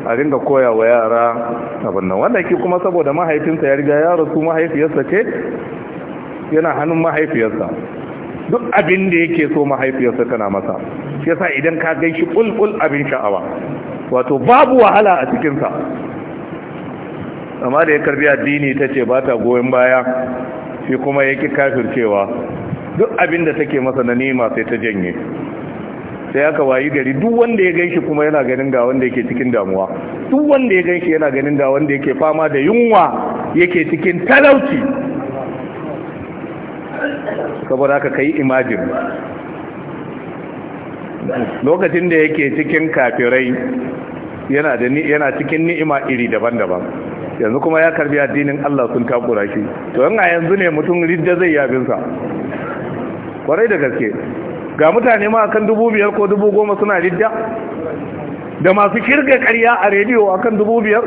a ringa koya wa yara abin nan wanda ki kuma saboda mahaifinsa ya riga ya rasu mahaifiyarsa ce yana hannun mahaifiyarsa duk abin da yake so mahaifiyarsa tana masa shi yasa idan ka gan shi ƙulƙul abin sha'awa wato babu wahala a cikinsa amma da ya karbi addini ta ce ba ta goyon baya shi kuma ya ki kafircewa duk abin da take masa na nema sai ta janye sai aka wayi gari duk wanda ya ganshi kuma yana ganin ga wanda yake cikin damuwa duk wanda ya ganshi yana ganin ga wanda yake fama da yunwa yake cikin talauci saboda haka kai imagine lokacin da yake cikin kafirai yana da yana cikin ni'ima iri daban-daban yanzu kuma ya karbi addinin Allah sun takura shi to a yanzu ne mutum ridda zai yabin sa kwarai da gaske ga mutane ma akan dubu biyar ko dubu goma suna ridda da masu kirga karya a rediyo akan dubu biyar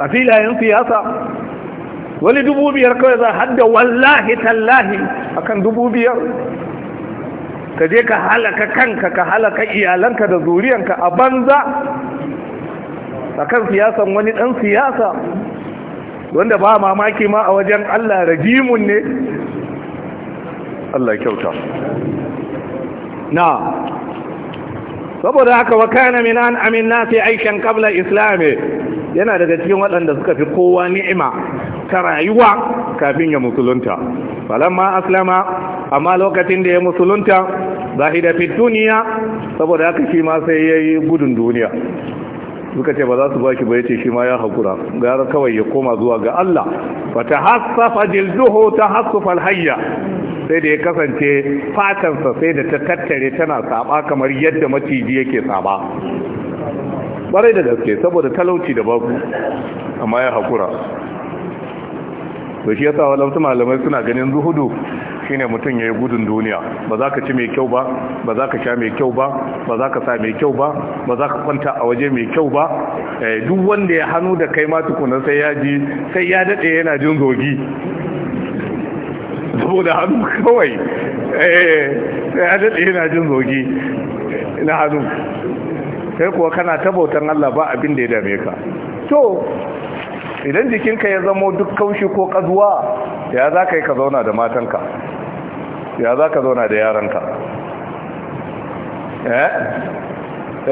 a filayen siyasa wani dubu biyar kawai za hadda wallahi tallahi akan dubu biyar ka je ka halaka kanka ka halaka iyalanka da zuriyanka a banza akan siyasan wani dan siyasa wanda ba mamaki ma a wajen Allah rajimun ne Allah kyauta na saboda haka wa kana min an amin nasi aishan qabla islami yana daga cikin waɗanda suka fi kowa ni'ima ta rayuwa kafin ya musulunta falamma aslama amma lokacin da ya musulunta zahida fi duniya saboda haka shi ma sai yayi gudun duniya suka ce ba za su baki ba yace shi ma ya hakura gara kawai ya koma zuwa ga Allah fa tahassafa jilduhu tahassufal hayya sai da ya kasance fatansa sai da ta tattare tana saba kamar yadda maciji yake saba barai da gaske saboda talauci da babu amma ya haƙura Bashi shi yasa walamsu malamai suna ganin zuhudu ne mutum ya yi gudun duniya ba za ka ci mai kyau ba ba za ka sha mai kyau ba ba za ka sa mai kyau ba ba za ka kwanta a waje mai kyau ba eh, duk wanda ya hannu da kai ma sai ya ji sai ya daɗe yana jin zogi saboda hannu kawai eh, sai ya daɗe yana jin zogi na hannu sai kuwa kana ta Allah ba abin da ya dame ka to idan jikinka ya zamo duk kaushi ko kazuwa ya za ka yi ka zauna da matanka ya za ka zauna da yaranka eh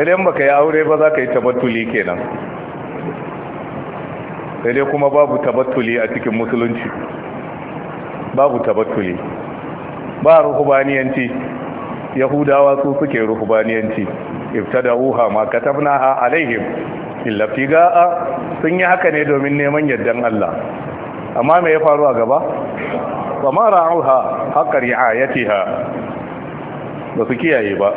idan baka yi aure ba za ka yi tabattuli kenan sai dai kuma babu tabattuli a cikin musulunci babu tabattuli ba ruhubaniyanci yahudawa su suke ruhubaniyanci iftada'uha ma ha alaihim illa figa'a sun yi haka ne domin neman yardan Allah amma me ya faru a gaba wa ma ra'uha haqqa ri'ayatiha ba su kiyaye ba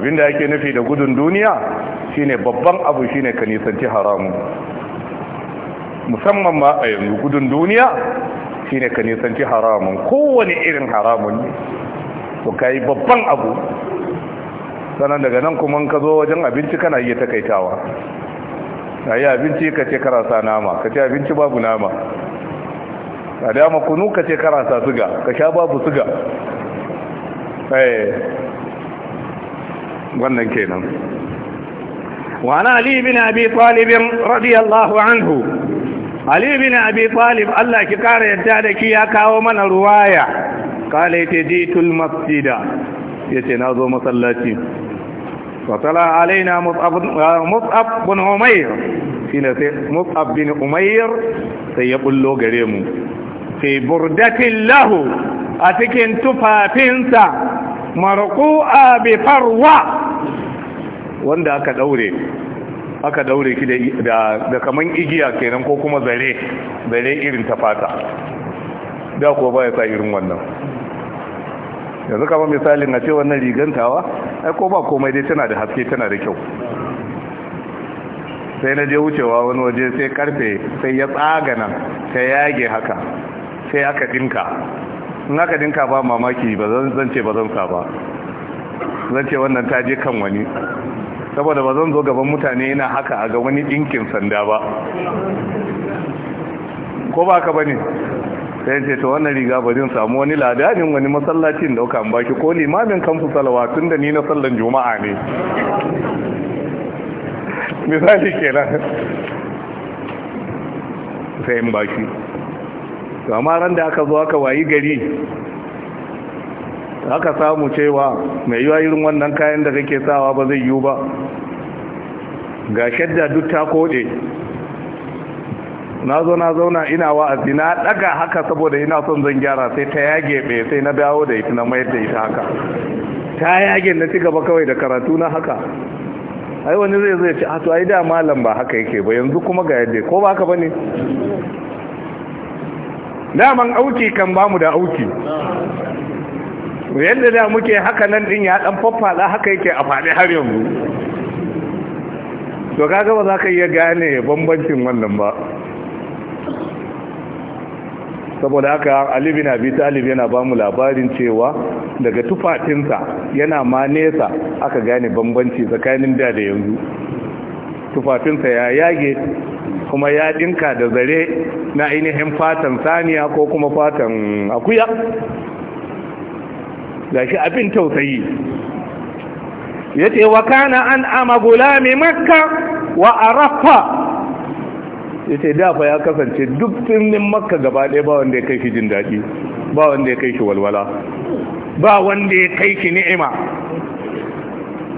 abinda yake nufi da gudun duniya shine babban abu shine kanisanci nisanci haramun musamman ma a yanzu gudun duniya shine ka nisanci haramun kowane irin haramun ne to yi babban abu sannan daga nan kuma ka zo wajen abinci kana iya takaitawa a yi abinci ka ce karasa nama ka ce abinci babu nama a dama kunu ka ce karasa suga ka sha babu suga eh. wannan kenan wa علي ali أبي abi رضي radiyallahu anhu Ali bin Abi Talib Allah ki kara yadda da ki ya kawo mana ruwaya kala yace jitul masjida yace nazo masallaci fa tala alaina mus'ab bin ah, umayr shine sai mus'ab bin umayr sai ya bullo gare mu fi burdatin lahu a cikin tufafinsa marqu'a bi farwa wanda aka daure aka daure ki da kaman igiya kenan ko kuma zare zare irin ta fata da ko ba ya sa irin wannan yanzu kama misalin na ce wannan rigantawa ai ko ba komai dai tana da haske tana da kyau sai na je wucewa wani waje sai karfe sai ya tsagana sai yage haka sai aka dinka in aka dinka ba mamaki ba zan ce ba zan sa ba zan ce wannan ta je kan wani saboda ba zan zo gaban mutane yana haka a ga wani ɗinkin sanda ba ko ba ka bane sai ce to wannan riga ba zan samu wani ladanin wani masallacin dauka an baki ko limamin kamfu salawa tun da ni na sallan juma'a ne misali kenan sai in baki to amma ran da aka zo aka wayi gari aka samu cewa mai yiwa irin wannan kayan da kake sawa ba zai yiwu ba ga shadda duk ta kode na zo na zauna ina wa'azi na daga haka saboda ina son zan gyara sai ta yage be sai na dawo da ita na mayar da ita haka ta yage na cigaba kawai da karatu na haka ai wani zai zai ci a ai da malam ba haka yake ba yanzu kuma ga yadda ko ba haka bane daman auki kan bamu da auki yadda da muke haka nan din ya dan faffada haka yake a faɗi har yanzu to kaga ba za ka iya gane bambancin wannan ba saboda haka Ali bin Abi Talib yana ba mu labarin cewa daga tufafinsa yana ma nesa aka gane bambanci tsakanin da da yanzu tufafinsa ya yage kuma ya dinka da zare na ainihin fatan saniya ko kuma fatan akuya gashi abin tausayi yace wa kana an ama gulami makka wa arafa yace da fa ya kasance duk tsirnin makka gaba ɗaya ba wanda ya kai shi jin daɗi ba wanda ya kai shi walwala ba wanda ya kai shi ni'ima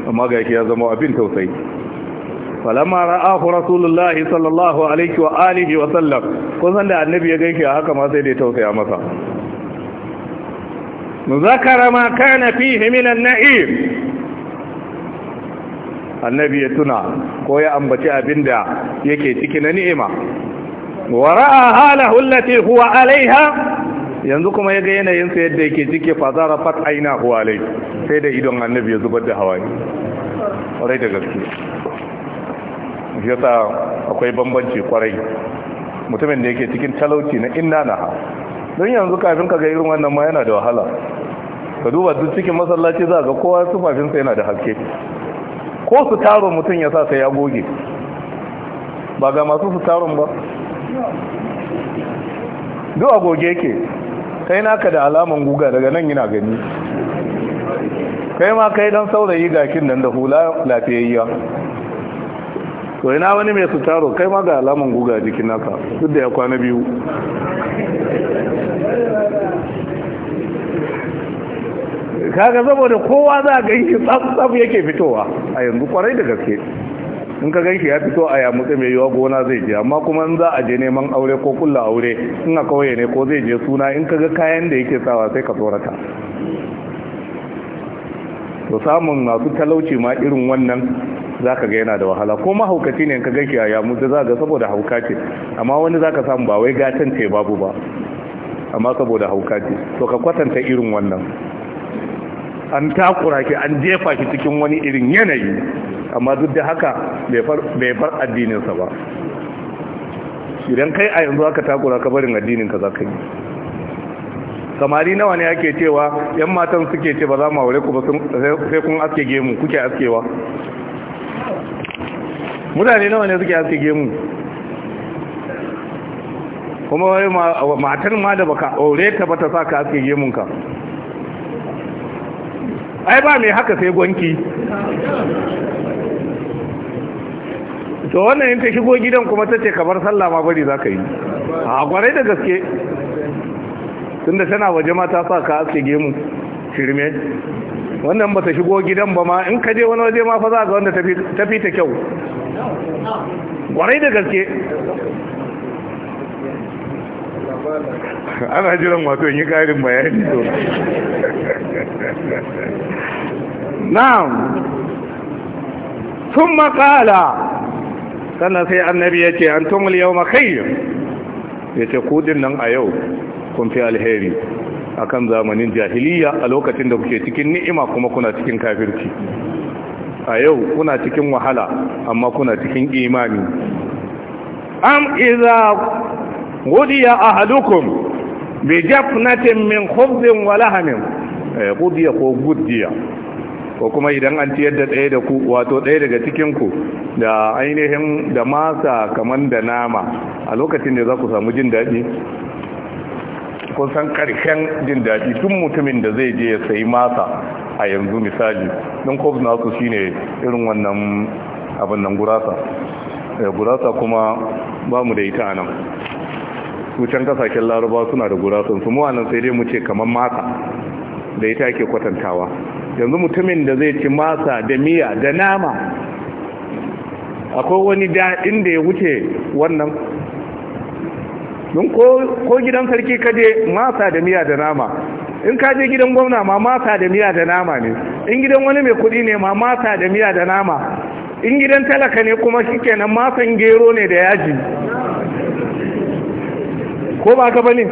amma ga shi ya zama abin tausayi falamma ra'ahu rasulullahi sallallahu alaihi wa alihi wa sallam kun san da annabi ya gaishe haka ma sai da tausaya masa ذكر ما كان فيه من النعيم annabi ya tuna ko ya ambaci abinda yake ciki na ni'ima wa ra'a halahu allati huwa alaiha yanzu kuma ya ga yanayinsa yadda yake cike fazara fat aina huwa alai sai da idon annabi ya zubar da hawaye kwarai da gaske yasa akwai bambanci kwarai mutumin da yake cikin talauci na inna na don yanzu kafin ka ga irin wannan ma yana da wahala ka duba duk cikin masallaci za ga kowa tufafinsa yana da haske ko su taro mutum ya sa sai ya goge ba ga masu su taron ba duk a goge ke kai naka da alaman guga daga nan yana gani kai ma kai dan saurayi gakin nan da hula lafiyayya to ina wani mai sutaro kai ma ga alaman guga jikin naka duk da ya kwana biyu kaga saboda kowa za ga shi tsaf yake fitowa a yanzu kwarai da gaske in ka ganshi ya fito a yamutse mai yiwa gona zai je amma kuma za a je neman aure ko kulla aure in a kauye ne ko zai je suna in ka ga kayan da yake sawa sai ka tsorata to samun masu talauci ma irin wannan za ka ga yana da wahala ko mahaukaci ne ka ga ki ya mutu za ga saboda hauka ce amma wani za ka samu ba wai gatan ce babu ba amma saboda hauka ce to ka kwatanta irin wannan an takura ki an jefa ki cikin wani irin yanayi amma duk da haka bai bar addininsa ba idan kai a yanzu aka takura ka barin addininka za ka yi samari nawa ne ake cewa yan matan suke ce ba za mu aure ku ba sai kun aske gemu kuke askewa mutane nawa ne suke haske gemu kuma wai matar ma da baka aure ta ba ta sa ka haske gemunka ai ba mai haka sai gwanki to wannan yin ta shigo gidan kuma ta ce kamar sallah ma bari za ka yi a kwarai da gaske tunda tana waje ma ta sa ka haske gemu shirme wannan ba ta shigo gidan ba ma in ka je wani waje ma fa za ga wanda tafi ta kyau kwarai da gaske ana jiran wato yi karin bayani to na'am sun makala sannan sai annabi ya ce an tumul yau makayyar ya ce kudin nan a yau kun fi alheri akan zamanin jahiliya a lokacin da kuke cikin ni'ima kuma kuna cikin kafirci a yau kuna cikin wahala amma kuna cikin imani am iza gudiya ahadukum bi jafnatin min khubzin wa lahamin gudiya eh, ko gudiya ko kuma idan an ciyar da ɗaya da ku wato ɗaya daga cikin ku da ainihin da masa kaman da nama a lokacin da za ku samu jin daɗi kun san karshen jin daɗi tun mutumin da zai je ya sayi masa a yanzu misali don kofi na su shine irin wannan abin nan gurasa eh, gurasa kuma ba mu da ita a nan wucin kasashen laraba suna da gurasa. su muwa nan sai dai mu ce kamar masa da ita ake kwatantawa yanzu mutumin da zai ci masa da miya da nama akwai wani daɗin da ya wuce wannan don ko gidan sarki kaje masa da miya da nama in ka je gidan gwamna ma masa da miya da nama ne in gidan wani mai kudi ne ma masa da miya da nama in gidan talaka ne kuma shi kenan masan gero ne da yaji ko ba ka bane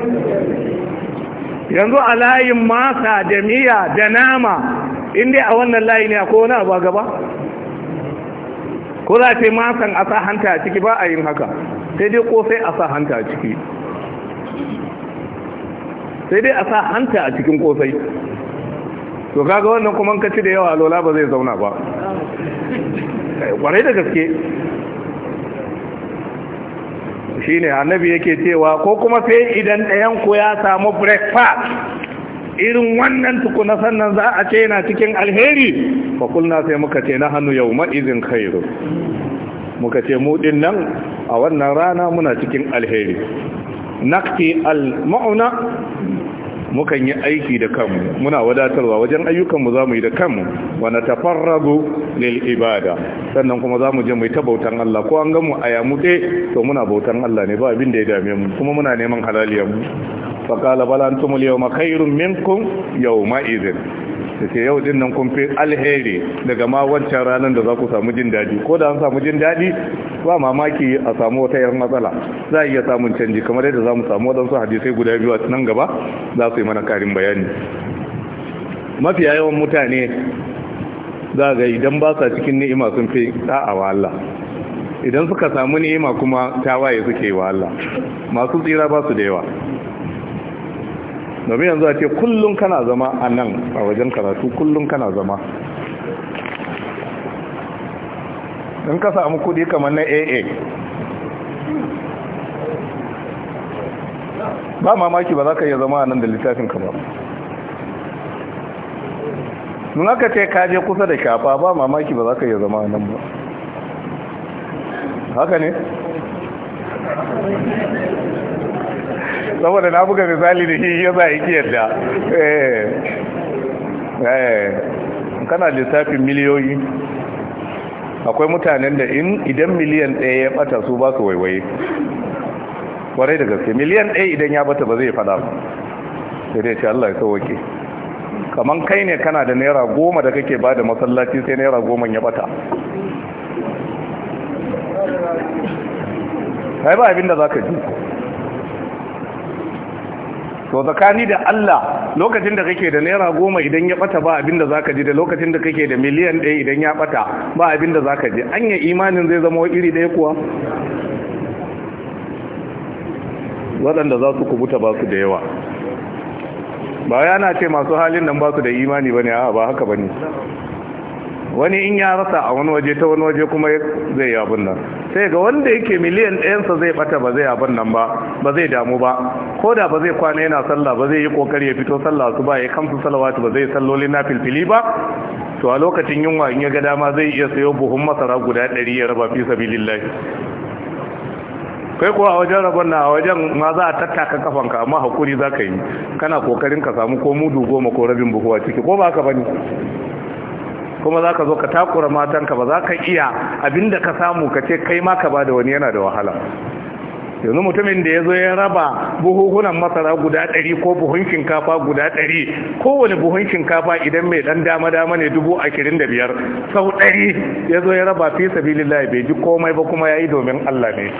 yanzu a layin masa da miya da nama inda a wannan layi ne akwai wani abu a gaba ko za ta masan a sa hanta a ciki ba a yin haka sai dai sai a sa hanta a ciki sai dai a sa hanta a cikin kosai to kaga wannan kuma ka ci da yawa lola ba zai zauna ba kwarai da gaske shi ne annabi yake cewa ko kuma sai idan ɗayan ku ya samu breakfast irin wannan tukuna sannan za a ce yana cikin alheri fakulna sai muka ce na hannu yau ma'izin kairu muka ce mu ɗin nan a wannan rana muna cikin alheri nakti al-ma'una mukan yi aiki da kanmu muna wadatarwa wajen ayyukanmu za mu yi da kanmu wani tafarragu lil ibada sannan kuma za mu je mu yi ta bautan Allah ko an ga mu a yamute to muna bautan Allah ne ba abin da ya dame mu kuma muna neman halaliyar mu faƙala bala antumul yawma khairun minkum yawma idhin ta ce yau din nan kun fi alheri daga ma wancan ranar da za ku samu jin daɗi ko da an samu jin daɗi ba mamaki a samu wata yar matsala za a iya samun canji kamar yadda za mu samu waɗansu hadisai guda biyu a nan gaba za su yi mana ƙarin bayani mafiya yawan mutane za ga idan ba sa cikin ni'ima sun fi da'a wa Allah idan suka samu ni'ima kuma tawaye suke wa Allah masu tsira ba su da yawa domin yanzu a ce kullum kana zama a nan a wajen karatu kullum kana zama in ka samu kudi kamar na aa ba mamaki ba za ka iya zama a nan da littafin kamar nun aka ce kaje kusa da shafa ba mamaki ba za ka iya zama a nan ba haka ne saboda na buga misali da shi ya za a iki yadda eh. Eh. kana lissafin miliyoyi akwai mutanen da in idan miliyan ɗaya ya bata su ba su waiwaye kwarai da gaske miliyan ɗaya idan ya bata ba zai fada ba sai dai ce Allah ya sauwake kaman kai ne kana da naira goma da kake ba da masallaci sai naira goma ya bata ai ba abin da za ka ji to tsakani da Allah lokacin da kake da naira goma idan ya bata ba abinda zaka ji da lokacin da kake da miliyan ɗaya idan ya bata ba abinda zaka ji anya imanin zai zama iri daya kuwa waɗanda za su kubuta ba su da yawa ba yana ce masu halin nan ba su da imani ba ne ba haka ba ne wani in ya rasa a wani waje ta wani waje kuma zai yi abin nan sai ga wanda yake miliyan ɗayansa zai bata ba zai abin nan ba ba zai damu ba ko da ba zai kwana yana sallah ba zai yi kokari ya fito sallah su ba ya kamsu salawatu ba zai salloli na filfili ba to a lokacin yunwa in ya ga dama zai iya sayo buhun masara guda ɗari ya raba fi sabilillahi kai kuwa a wajen rabon na a wajen ma za a tattaka kafanka amma hakuri za ka yi kana kokarin ka samu ko mudu goma ko rabin buhuwa ciki ko ba ka bane kuma za ka zo ka takura matanka ba za ka iya abinda ka samu ka ce kai ma ka ba da wani yana da wahala yanzu mutumin da ya zo ya raba buhuhunan masara guda ɗari ko buhun shinkafa guda ɗari kowane buhun shinkafa idan mai ɗan dama-dama ne dubu ashirin da biyar sau ɗari ya zo ya raba fi sabilillahi bai ji komai ba kuma ya yi domin allah ne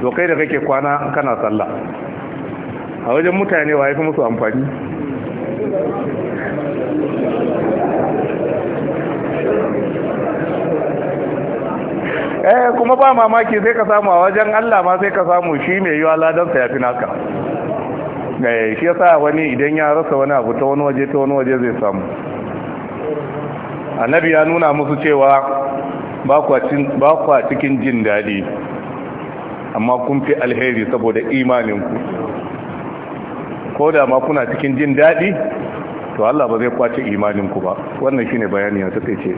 to kai da kake kwana kana sallah a wajen mutane wa ya fi musu amfani eh kuma ba mamaki sai ka samu a wajen Allah ma sai ka samu shi mai yiwa ladansa ya fi naka eh shi ya sa wani idan ya rasa wani abu ta wani waje ta wani waje zai samu annabi ya nuna musu cewa ba kwa cikin jin daɗi amma kun fi alheri saboda imaninku ko da ma kuna cikin jin daɗi to Allah ba zai kwace imaninku ba wannan shine bayani yanzu sai ce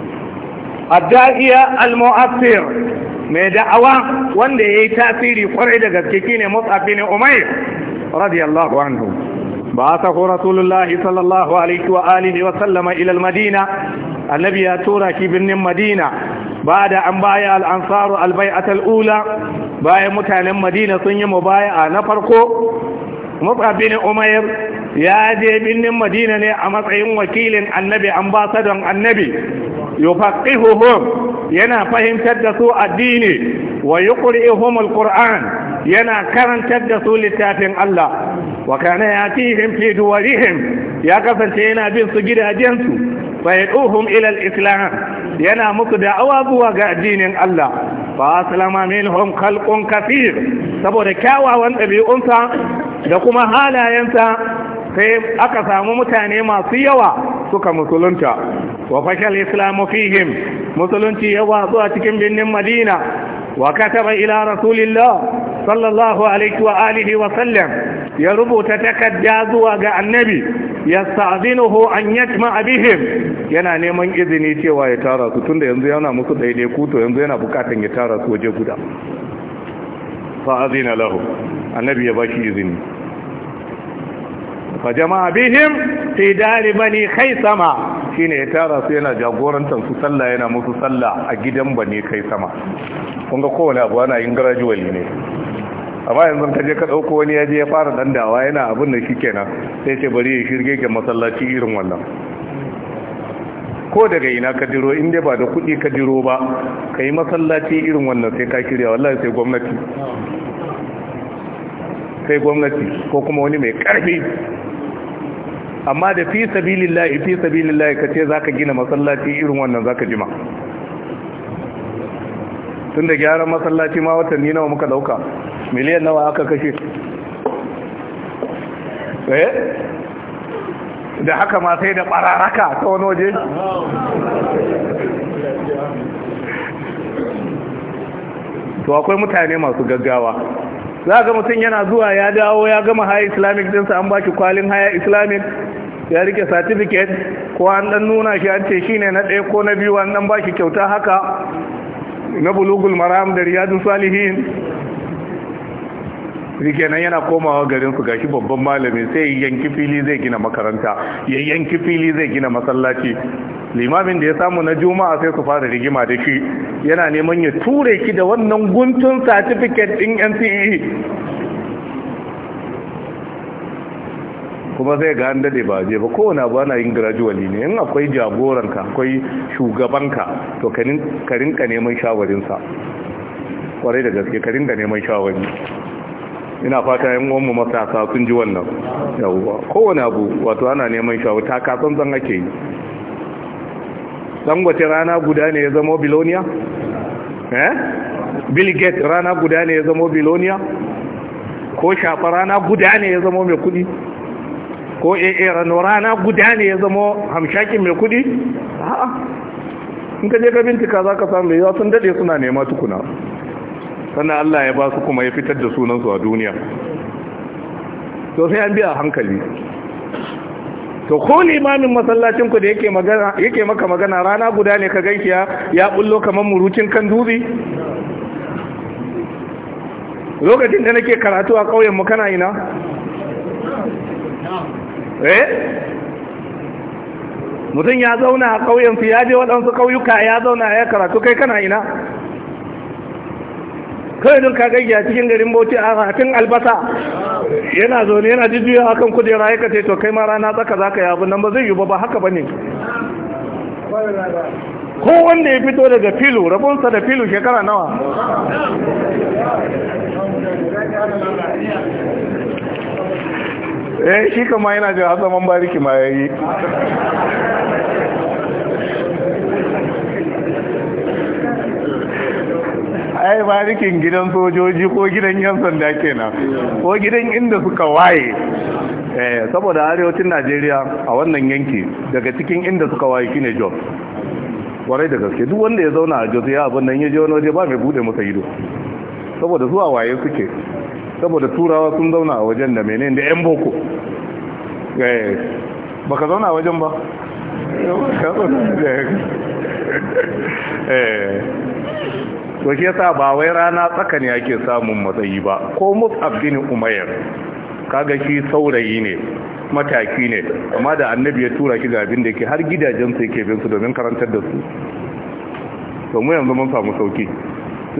adda'iya al muasir mai da'awa wanda yayi tasiri kwarai da gaske shine Mus'ab bin Umair radiyallahu anhu بعثه رسول الله ya tura ki birnin Madina, إلى المدينة النبي يتورك بن المدينة بعد أن بايع الأنصار البيعة الأولى بايع متعن المدينة صنع na farko. mus'ab bin umair ya je birnin madina ne a matsayin wakilin annabi ambasadon annabi yufaqihuhum yana fahimtar da su addini wa yuqri'uhum alquran yana karantar da su littafin Allah wa kana yatihim fi duwarihim ya kasance yana bin su gidajensu fa yaduhum ila alislam yana musu da'awa zuwa ga addinin Allah fa aslama minhum khalqun kathir saboda kyawawan ɗabi'unsa da kuma halayensa sai aka samu mutane masu yawa suka musulunta wa fashal islamu fihim musulunci ya watsu a cikin birnin madina wa kataba ila rasulillah sallallahu alaihi wa alihi wa sallam ya rubuta takadda zuwa ga annabi yasta'zinuhu an yajma bihim yana neman izini cewa ya tara su tunda yanzu yana musu daidai ku to yanzu yana bukatan ya tara su waje guda fa lahu annabi ya baki izini fa jama'a bihim fi dari bani Shi ne ya tara su yana jagorantar su sallah yana musu sallah a gidan bani khaisama kun ga kowane abu ana yin gradually ne amma yanzu ka je ka dauko wani ya je ya fara dandawa yana abin da kenan sai ce bari ya shirge ke masallaci irin wannan ko daga ina ka jiro inda ba da kuɗi ka jiro ba ka yi masallaci irin wannan sai ka shirya wallahi sai gwamnati sai gwamnati ko kuma wani mai ƙarfi amma da fi sabilillahi fi sabilillahi kace zaka gina masallaci irin wannan zaka jima tun da gyaran masallaci ma watanni nawa muka dauka miliyan nawa aka kashe eh da haka ma sai da bararaka ta wani waje to akwai mutane masu gaggawa za ga mutum yana zuwa ya dawo ya gama haya islamic dinsa an baki kwalin haya islamic ya rike certificate ko an dan nuna shi an ce shine na ɗaya ko na biyu an dan baki kyauta haka na bulugul maram da riyadu salihin kenan yana komawa garin su gashi babban malami sai yanki fili zai gina makaranta ya yanki fili zai gina masallaci limamin da ya samu na juma'a sai su fara rigima da shi yana neman ya ture ki da wannan guntun certificate din NCE kuma zai ga an dade ba je ba kowane abu ana yin gradually ne in akwai jagoranka akwai shugabanka to ka rinka neman shawarinsa kwarai da gaske ka rinka neman shawari ina fata yan uwanmu matasa sun ji wannan yawwa kowane abu wato ana neman shawari ta kasan zan ake yi dangote rana guda ne ya zama biloniya eh bill gates rana guda ne ya zama biloniya ko shafa rana guda ne ya zama mai kudi ko aa rana rana guda ne ya zama hamshakin mai kudi a'a in ka je ka bintika za ka samu yawa sun dade suna nema tukuna sannan Allah ya ba su kuma ya fitar da sunansu a duniya sosai an biya hankali to ko limamin masallacin ku da yake magana yake maka magana rana guda ne ka ganki ya ya bullo kamar murucin kan dubi lokacin da nake karatu a kauyen mu kana ina eh mutum ya zauna a kauyen su ya je waɗansu kauyuka ya zauna ya karatu kai kana ina kawai don ka gaggiya cikin garin bauchi a hatin albasa yana zaune yana a kan kujera ya kace to kai ma rana tsaka zaka yi abin nan ba zai yi ba ba haka ne. ko wanda ya fito daga filu rabonsa da filu shekara nawa eh shi kama yana jin hasaman bariki ma yayi ai barikin gidan sojoji ko gidan yan sanda kenan ko gidan inda suka waye eh saboda arewacin Najeriya a wannan yanki daga cikin inda suka waye shine job warai da gaske duk wanda ya zauna a Jos ya abin nan ya je wani waje ba mai bude masa ido saboda zuwa waye suke saboda turawa sun zauna a wajen da menene da yan boko eh baka zauna a wajen ba eh to shi sa ba wai rana tsakani ake samun matsayi ba ko mus'ab umayyar umayr kaga shi saurayi ne mataki ne amma da annabi ya tura ki ga abin da yake har gidajen su yake bin su domin karantar da su to mu yanzu mun samu sauki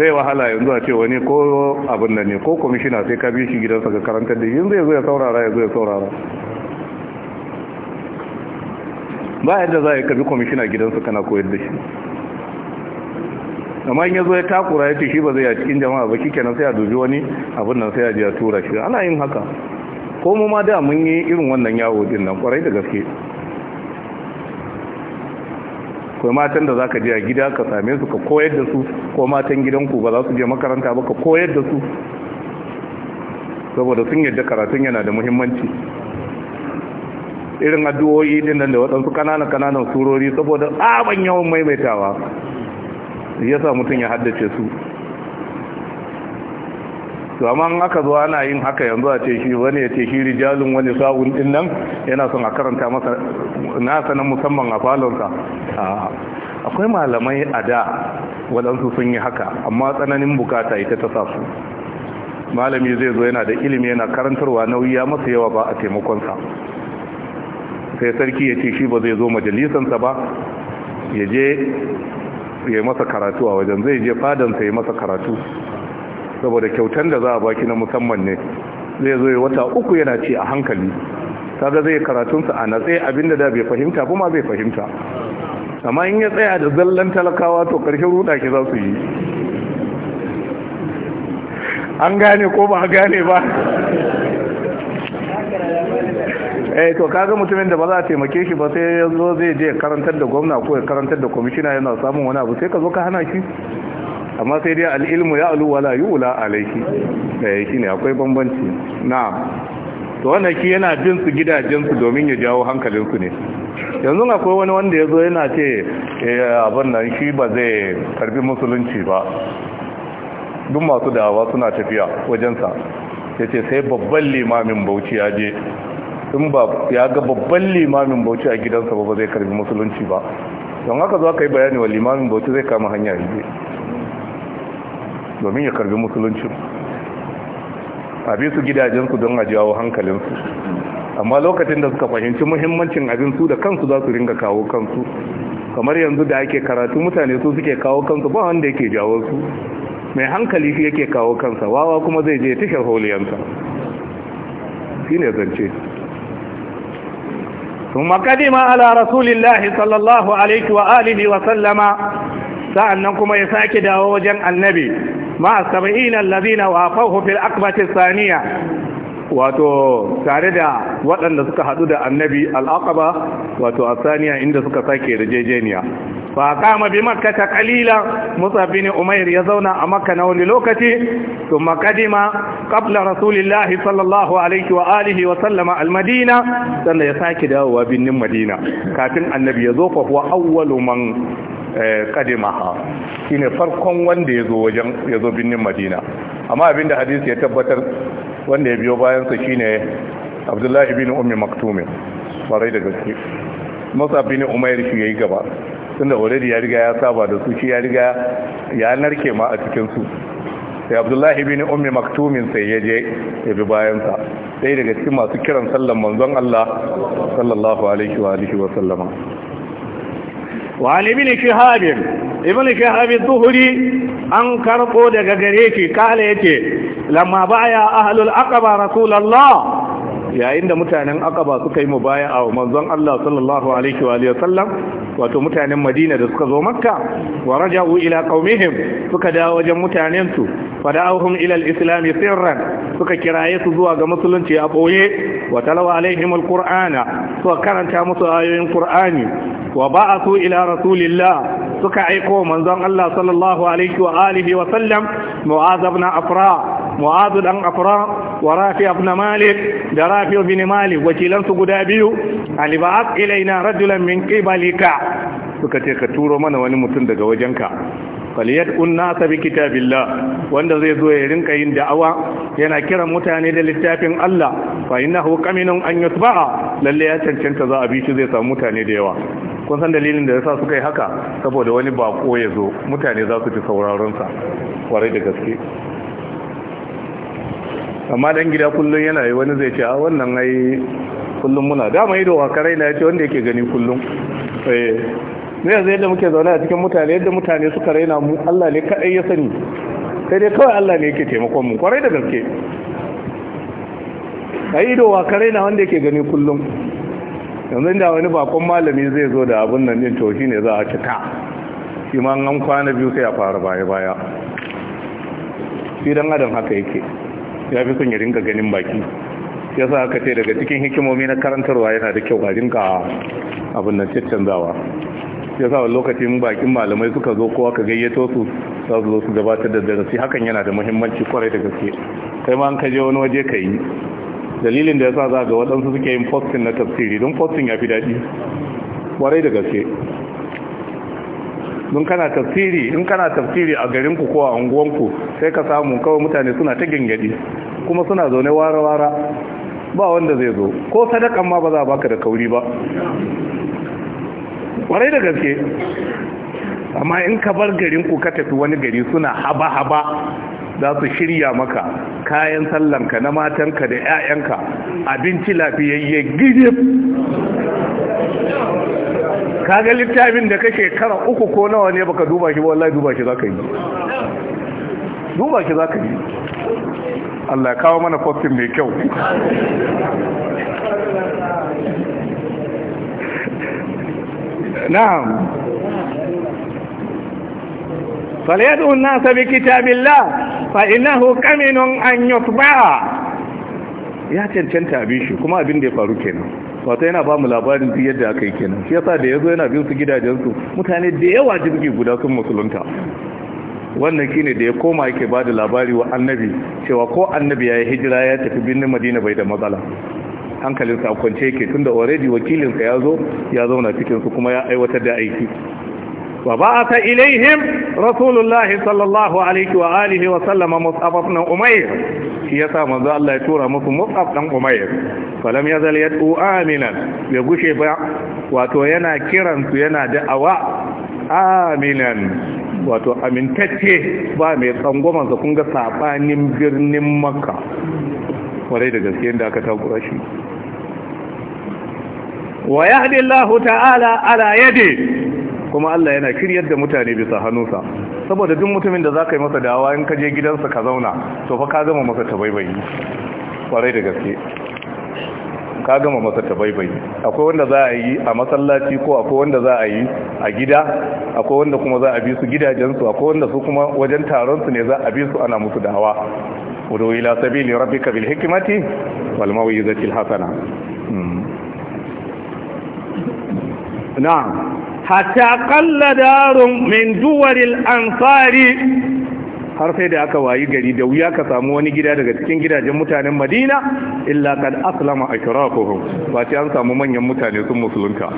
zai wahala yanzu a ce wani ko abin nan ne ko kwamishina sai ka bi shi gidansa ga karantar da yanzu ya ya saurara yanzu ya saurara ba yadda za a yi kabi kwamishina gidansa kana koyar da shi amma in ya zo ya takura ya ce shi ba zai a cikin jama'a ba kike nan sai a dubi wani abin nan sai a je a tura shi ana yin haka ko mu ma da mun yi irin wannan yawo din nan kwarai da gaske ko matan da zaka je a gida ka same su ka koyar da su ko matan gidanku ba za su je makaranta ba ka koyar da su saboda sun yadda karatun yana da muhimmanci irin addu'o'i din nan da waɗansu kananan kananan surori saboda tsaban yawan maimaitawa ya sa mutum ya haddace su to amma aka zo ana yin haka yanzu a ce shi wani ya ce shi rijalun wani sa'un din nan yana son a karanta masa nasa na musamman a falonsa akwai malamai a da waɗansu sun yi haka amma tsananin bukata ita ta sa malami zai zo yana da ilimi yana karantarwa nauyi ya masa yawa ba a taimakonsa sai sarki ya ce shi ba zai zo majalisansa ba ya je ya masa karatu a wajen zai je fadansa ya masa karatu saboda kyautan da za a baki na musamman ne zai zo wata uku yana ci a hankali kaga zai karatunsa a natse abinda da bai fahimta kuma zai fahimta amma in ya tsaya da zallan talakawa to karshen ruda ki za su yi an gane ko ba gane ba eh to kaga mutumin da ba za a taimake shi ba sai ya zo zai je karantar da gwamna ko ya karantar da kwamishina yana samun wani abu sai ka zo ka hana shi amma sai dai al'ilmu ya alu wala yu'la alayhi eh ne akwai bambanci Na to wannan ki yana bin su gidajen su domin ya jawo hankalin su ne yanzu akwai wani wanda ya zo yana ce eh abin nan shi ba zai karbi musulunci ba duk masu dawa suna tafiya wajensa yace sai babban limamin Bauchi ya je in ba ya ga babban limamin bauchi a gidansa ba zai karbi musulunci ba don haka zo ka yi bayani wa limamin bauchi zai kama hanya ribe domin ya karbi musulunci abin su gidajensu don a jawo hankalinsu amma lokacin da suka fahimci muhimmancin abin su da kansu za su ringa kawo kansu kamar yanzu da ake karatu mutane su suke kawo kansu ba wanda yake jawo su mai hankali yake kawo kansa wawa kuma zai je tashar holiyanta shi ne zance ثم قدم على رسول الله صلى الله عليه وآله وسلم سأنكم يساك داوجا النبي مع السبعين الذين وافوه في الأقبة الثانية wato tare da waɗanda suka haɗu da annabi al'aqaba wato asaniya inda suka sake jejeniya. fa kama bi makkata qalilan musab bin umair ya zauna a makka na wani lokaci su makadima qabla rasulillah sallallahu alaihi wa alihi wa sallama almadina sannan ya sake dawowa binnin madina kafin annabi ya zo fa huwa awwalu man eh, Shi ne farkon wanda ya zo wajen ya zo binnin madina amma abinda hadisi ya tabbatar wanda ya biyo bayansa shine abdullahi ibn ummi maktumin farai da gaske Musa bin umair shi yayi gaba tunda already ya riga ya saba da su shi ya riga ya narke ma a cikin su sai abdullahi ibn ummi maktumin sai ya je ya bi bayansa sai daga cikin masu kiran sallan manzon Allah sallallahu alaihi wa alihi wa sallama وعن ابن شهاب ابن شهاب tuhuri an karko daga gare shi kala yace lamma baya ahlul akaba rasulallah. yayin da mutanen akaba suka yi mu baya a manzon Allah sallallahu alaihi wa sallam wato mutanen Madina da suka zo Makka wa raja'u ila qaumihim suka dawo wajen mutanen su fada'uhum ila al-islam sirran suka kiraye su zuwa ga musulunci a boye wa talawa alaihim al-qur'ana suka karanta musu ayoyin qur'ani wa su ila rasulillah suka aiko manzon Allah sallallahu alaihi wa alihi wa sallam mu'az ibn afra mu'az dan afra wa rafi ibn malik da rafi ibn malik wakilan su guda biyu aliba'at ilaina rajulan min qibalika suka ce ka turo mana wani mutum daga wajenka faliyat unnasa bi kitabillah wanda zai zo ya rinka yin da'awa yana kiran mutane da littafin Allah fa innahu qaminun an yutba'a lalle ya cancanta za a bi shi zai samu mutane da yawa kun san dalilin da ya sa suka yi haka saboda wani bako ya zo mutane za su ci sauraronsa kwarai da gaske amma dan gida kullum yana yi wani zai ce a wannan ai kullum muna dama ido a karai na ce wanda yake gani kullum eh ne yanzu yadda muke zaune a cikin mutane yadda mutane suka raina mu Allah ne kadai ya sani sai dai kawai Allah ne yake taimakon mu kwarai da gaske ai ido wa karai na wanda yake gani kullum yanzu da wani bakon malami zai zo da abin nan din shi ne za a cika shi ma an kwana biyu sai a fara baya baya shi don adam haka yake ya fi son ya ringa ganin baki ya sa aka ce daga cikin hikimomi na karantarwa yana da kyau a ringa abin nan zawa. ya sa lokacin bakin malamai suka zo kowa ka gayyato su za su zo su gabatar da darasi hakan yana da muhimmanci kwarai da gaske kai ma an kaje wani waje ka yi dalilin da ya sa za ga waɗansu suke yin fostin na tafsiri don fostin ya fi daɗi warai da gaske don kana tafsiri in kana tafsiri a garinku ko a unguwanku sai ka samu kawai mutane suna ta gingadi kuma suna zaune wara-wara ba wanda zai zo ko sadakan ma ba za a baka da kauri ba warai da gaske amma in ka bar garinku ka tafi wani gari suna haba-haba za su shirya maka kayan sallanka na matanka da 'ya'yanka abinci lafiyayye Ka kaga littafin da ka shekara uku ko nawa ne baka duba shi wallahi duba shi zaka yi duba shi zaka yi Allah ya kawo mana kwastin mai kyau na'am falyadu an-nasa bi kitabillah fa innahu qaminun an yutba ya cancanta abin shi kuma abin da ya faru kenan wato yana ba mu labarin su yadda aka yi kenan shi yasa da yazo yana bin su gidajensu mutane da yawa jirgi guda sun musulunta wannan ne da ya koma yake ba da labari wa annabi cewa ko annabi ya yi hijira ya tafi birnin madina bai da matsala hankalinsa a kwance yake tunda already wakilinsa ya zo ya zauna cikinsu kuma ya aiwatar da aiki وبعث إليهم رسول الله صلى الله عليه وآله وسلم مصعب بن أمير يسا منذ الله يتورى مصعب بن أمير فلم يزل يدعو آمنا يقشي بع واتو ينا كيران ينا دعوة آمنا واتو أمن تتي بامي تنقوما سكونغ سعبان برن مكة وليد جسين داك تنقرشي ويهدي الله تعالى على يده kuma Allah yana kiryar da mutane bisa hannunsa saboda duk mutumin da zaka yi masa dawa in ka je gidansa ka zauna to fa ka gama masa tabaibayi kwarai da gaske ka gama masa tabaibayi akwai wanda za a yi a masallaci ko akwai wanda za a yi a gida akwai wanda kuma za a bi su gidajensu akwai wanda su kuma wajen taron su ne za a bi su ana musu dawa udu ila sabili rabbika bil hikmati wal mawizati al hasana hmm. na'am Hata kalla darun min duwaril ansari har sai da aka wayi gari da wuya ka samu wani gida daga cikin gidajen mutanen madina illa kad aslama ashrafuhum ba sai an samu manyan mutane sun musulunta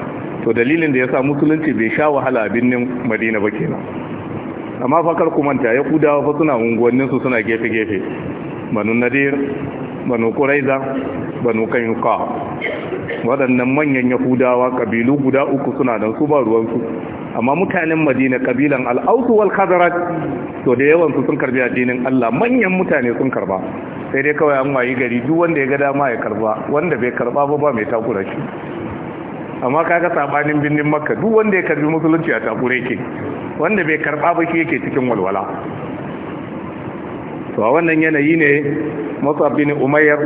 to dalilin da yasa musulunci bai sha wahala a binnin madina ba kenan amma fa kar ku manta ya kudawa fa suna unguwannin su suna gefe gefe manun nadir banu kuraiza banu kayuka waɗannan manyan yahudawa ƙabilu guda uku suna da su ba ruwansu amma mutanen madina ƙabilan al'ausu wal to da yawansu sun karbi addinin allah manyan mutane sun karba sai dai kawai an wayi gari duk wanda ya ga dama ya karba wanda bai karba ba ba mai takura shi amma kaga sabanin birnin makka duk wanda ya karbi musulunci a takure ke wanda bai karba ba shi yake cikin walwala to a wannan yanayi ne Mus'ab bin Umayyar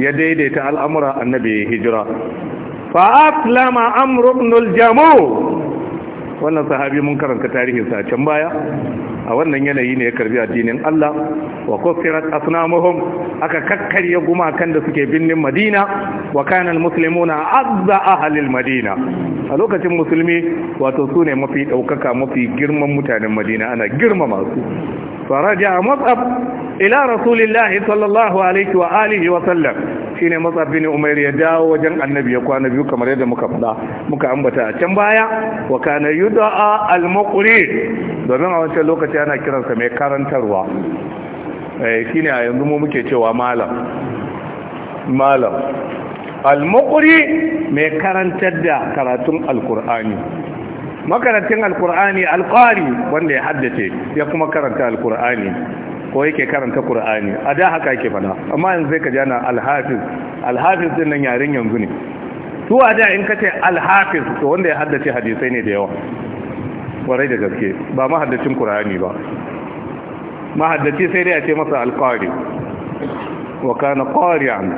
ya daidaita al'amura annabi hijira fa aslama Amr ibn wannan sahabi mun karanta tarihin sa can baya a wannan yanayi ne ya karbi addinin Allah wa kufirat asnamuhum aka kakkarya gumakan da suke binnin Madina wa kana almuslimuna azza halin madina a lokacin musulmi wato sune mafi daukaka mafi girman mutanen Madina ana girmama su faraja mus'ab ila rasulillahi sallallahu alaihi wa alihi wa sallam shine mus'ab bin Umar ya dawo wajen annabi ya kwana biyu kamar yadda muka faɗa muka ambata a can baya wa kana yud'a al-muqri domin a wancan lokaci ana kiransa mai karantarwa eh shine a yanzu mu muke cewa malam malam al-muqri mai karantar da karatun alkur'ani makarantin alkur'ani alkari wanda ya haddace ya kuma karanta alkur'ani ko yake karanta kur'ani a da haka yake fana amma yanzu sai ka ja na alhafiz alhafiz din nan yaren yanzu ne to a da in ka ce alhafiz to wanda ya haddace hadisai ne da yawa warai da gaske ba mahaddacin kur'ani ba mahaddaci sai dai a ce masa alkari wa kana qari'an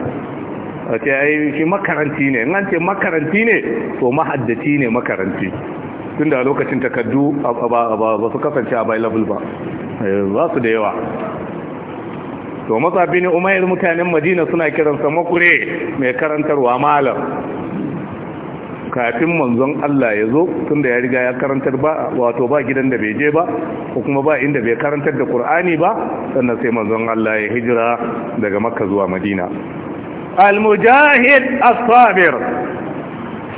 a ce ai shi makaranti ne in an ce makaranti ne to mahaddaci ne makaranti tun da lokacin takardu ba su kasance available ba eh, ba su da yawa to masa ne umar mutanen madina suna kiransa makure mai karantarwa malam kafin manzon Allah ya zo tun da ya riga ya karantar ba wato ba gidan da bai je ba ko kuma ba inda bai karantar da Qur'ani ba sannan sai manzon Allah ya hijira daga Makka zuwa Madina al-mujahid as-sabir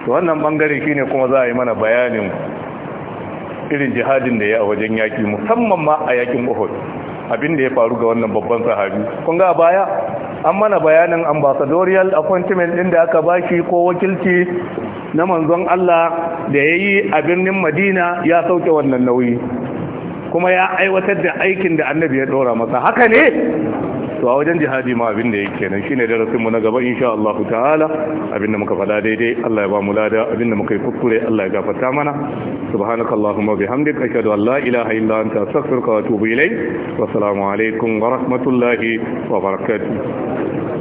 to wannan bangare ne kuma za a yi mana bayanin irin jihadin da ya a wajen yaki musamman ma a yaƙin Uhud abin da ya faru ga wannan babban sahabi kun ga baya an mana bayanin ambassadorial appointment din da aka bashi ko wakilci na manzon Allah da ya yi a birnin Madina ya sauke wannan nauyi kuma ya aiwatar da aikin da annabi ya dora masa haka ne to a wajen jihadi ma abin da yake nan shine darasin mu na gaba insha Allah ta'ala abin da muka faɗa daidai Allah ya ba mu lada abin da muka yi kuskure Allah ya gafarta mana subhanakallahumma bihamdika ashhadu an la ilaha illa anta astaghfiruka wa atubu ilayk wa assalamu alaikum wa rahmatullahi wa barakatuh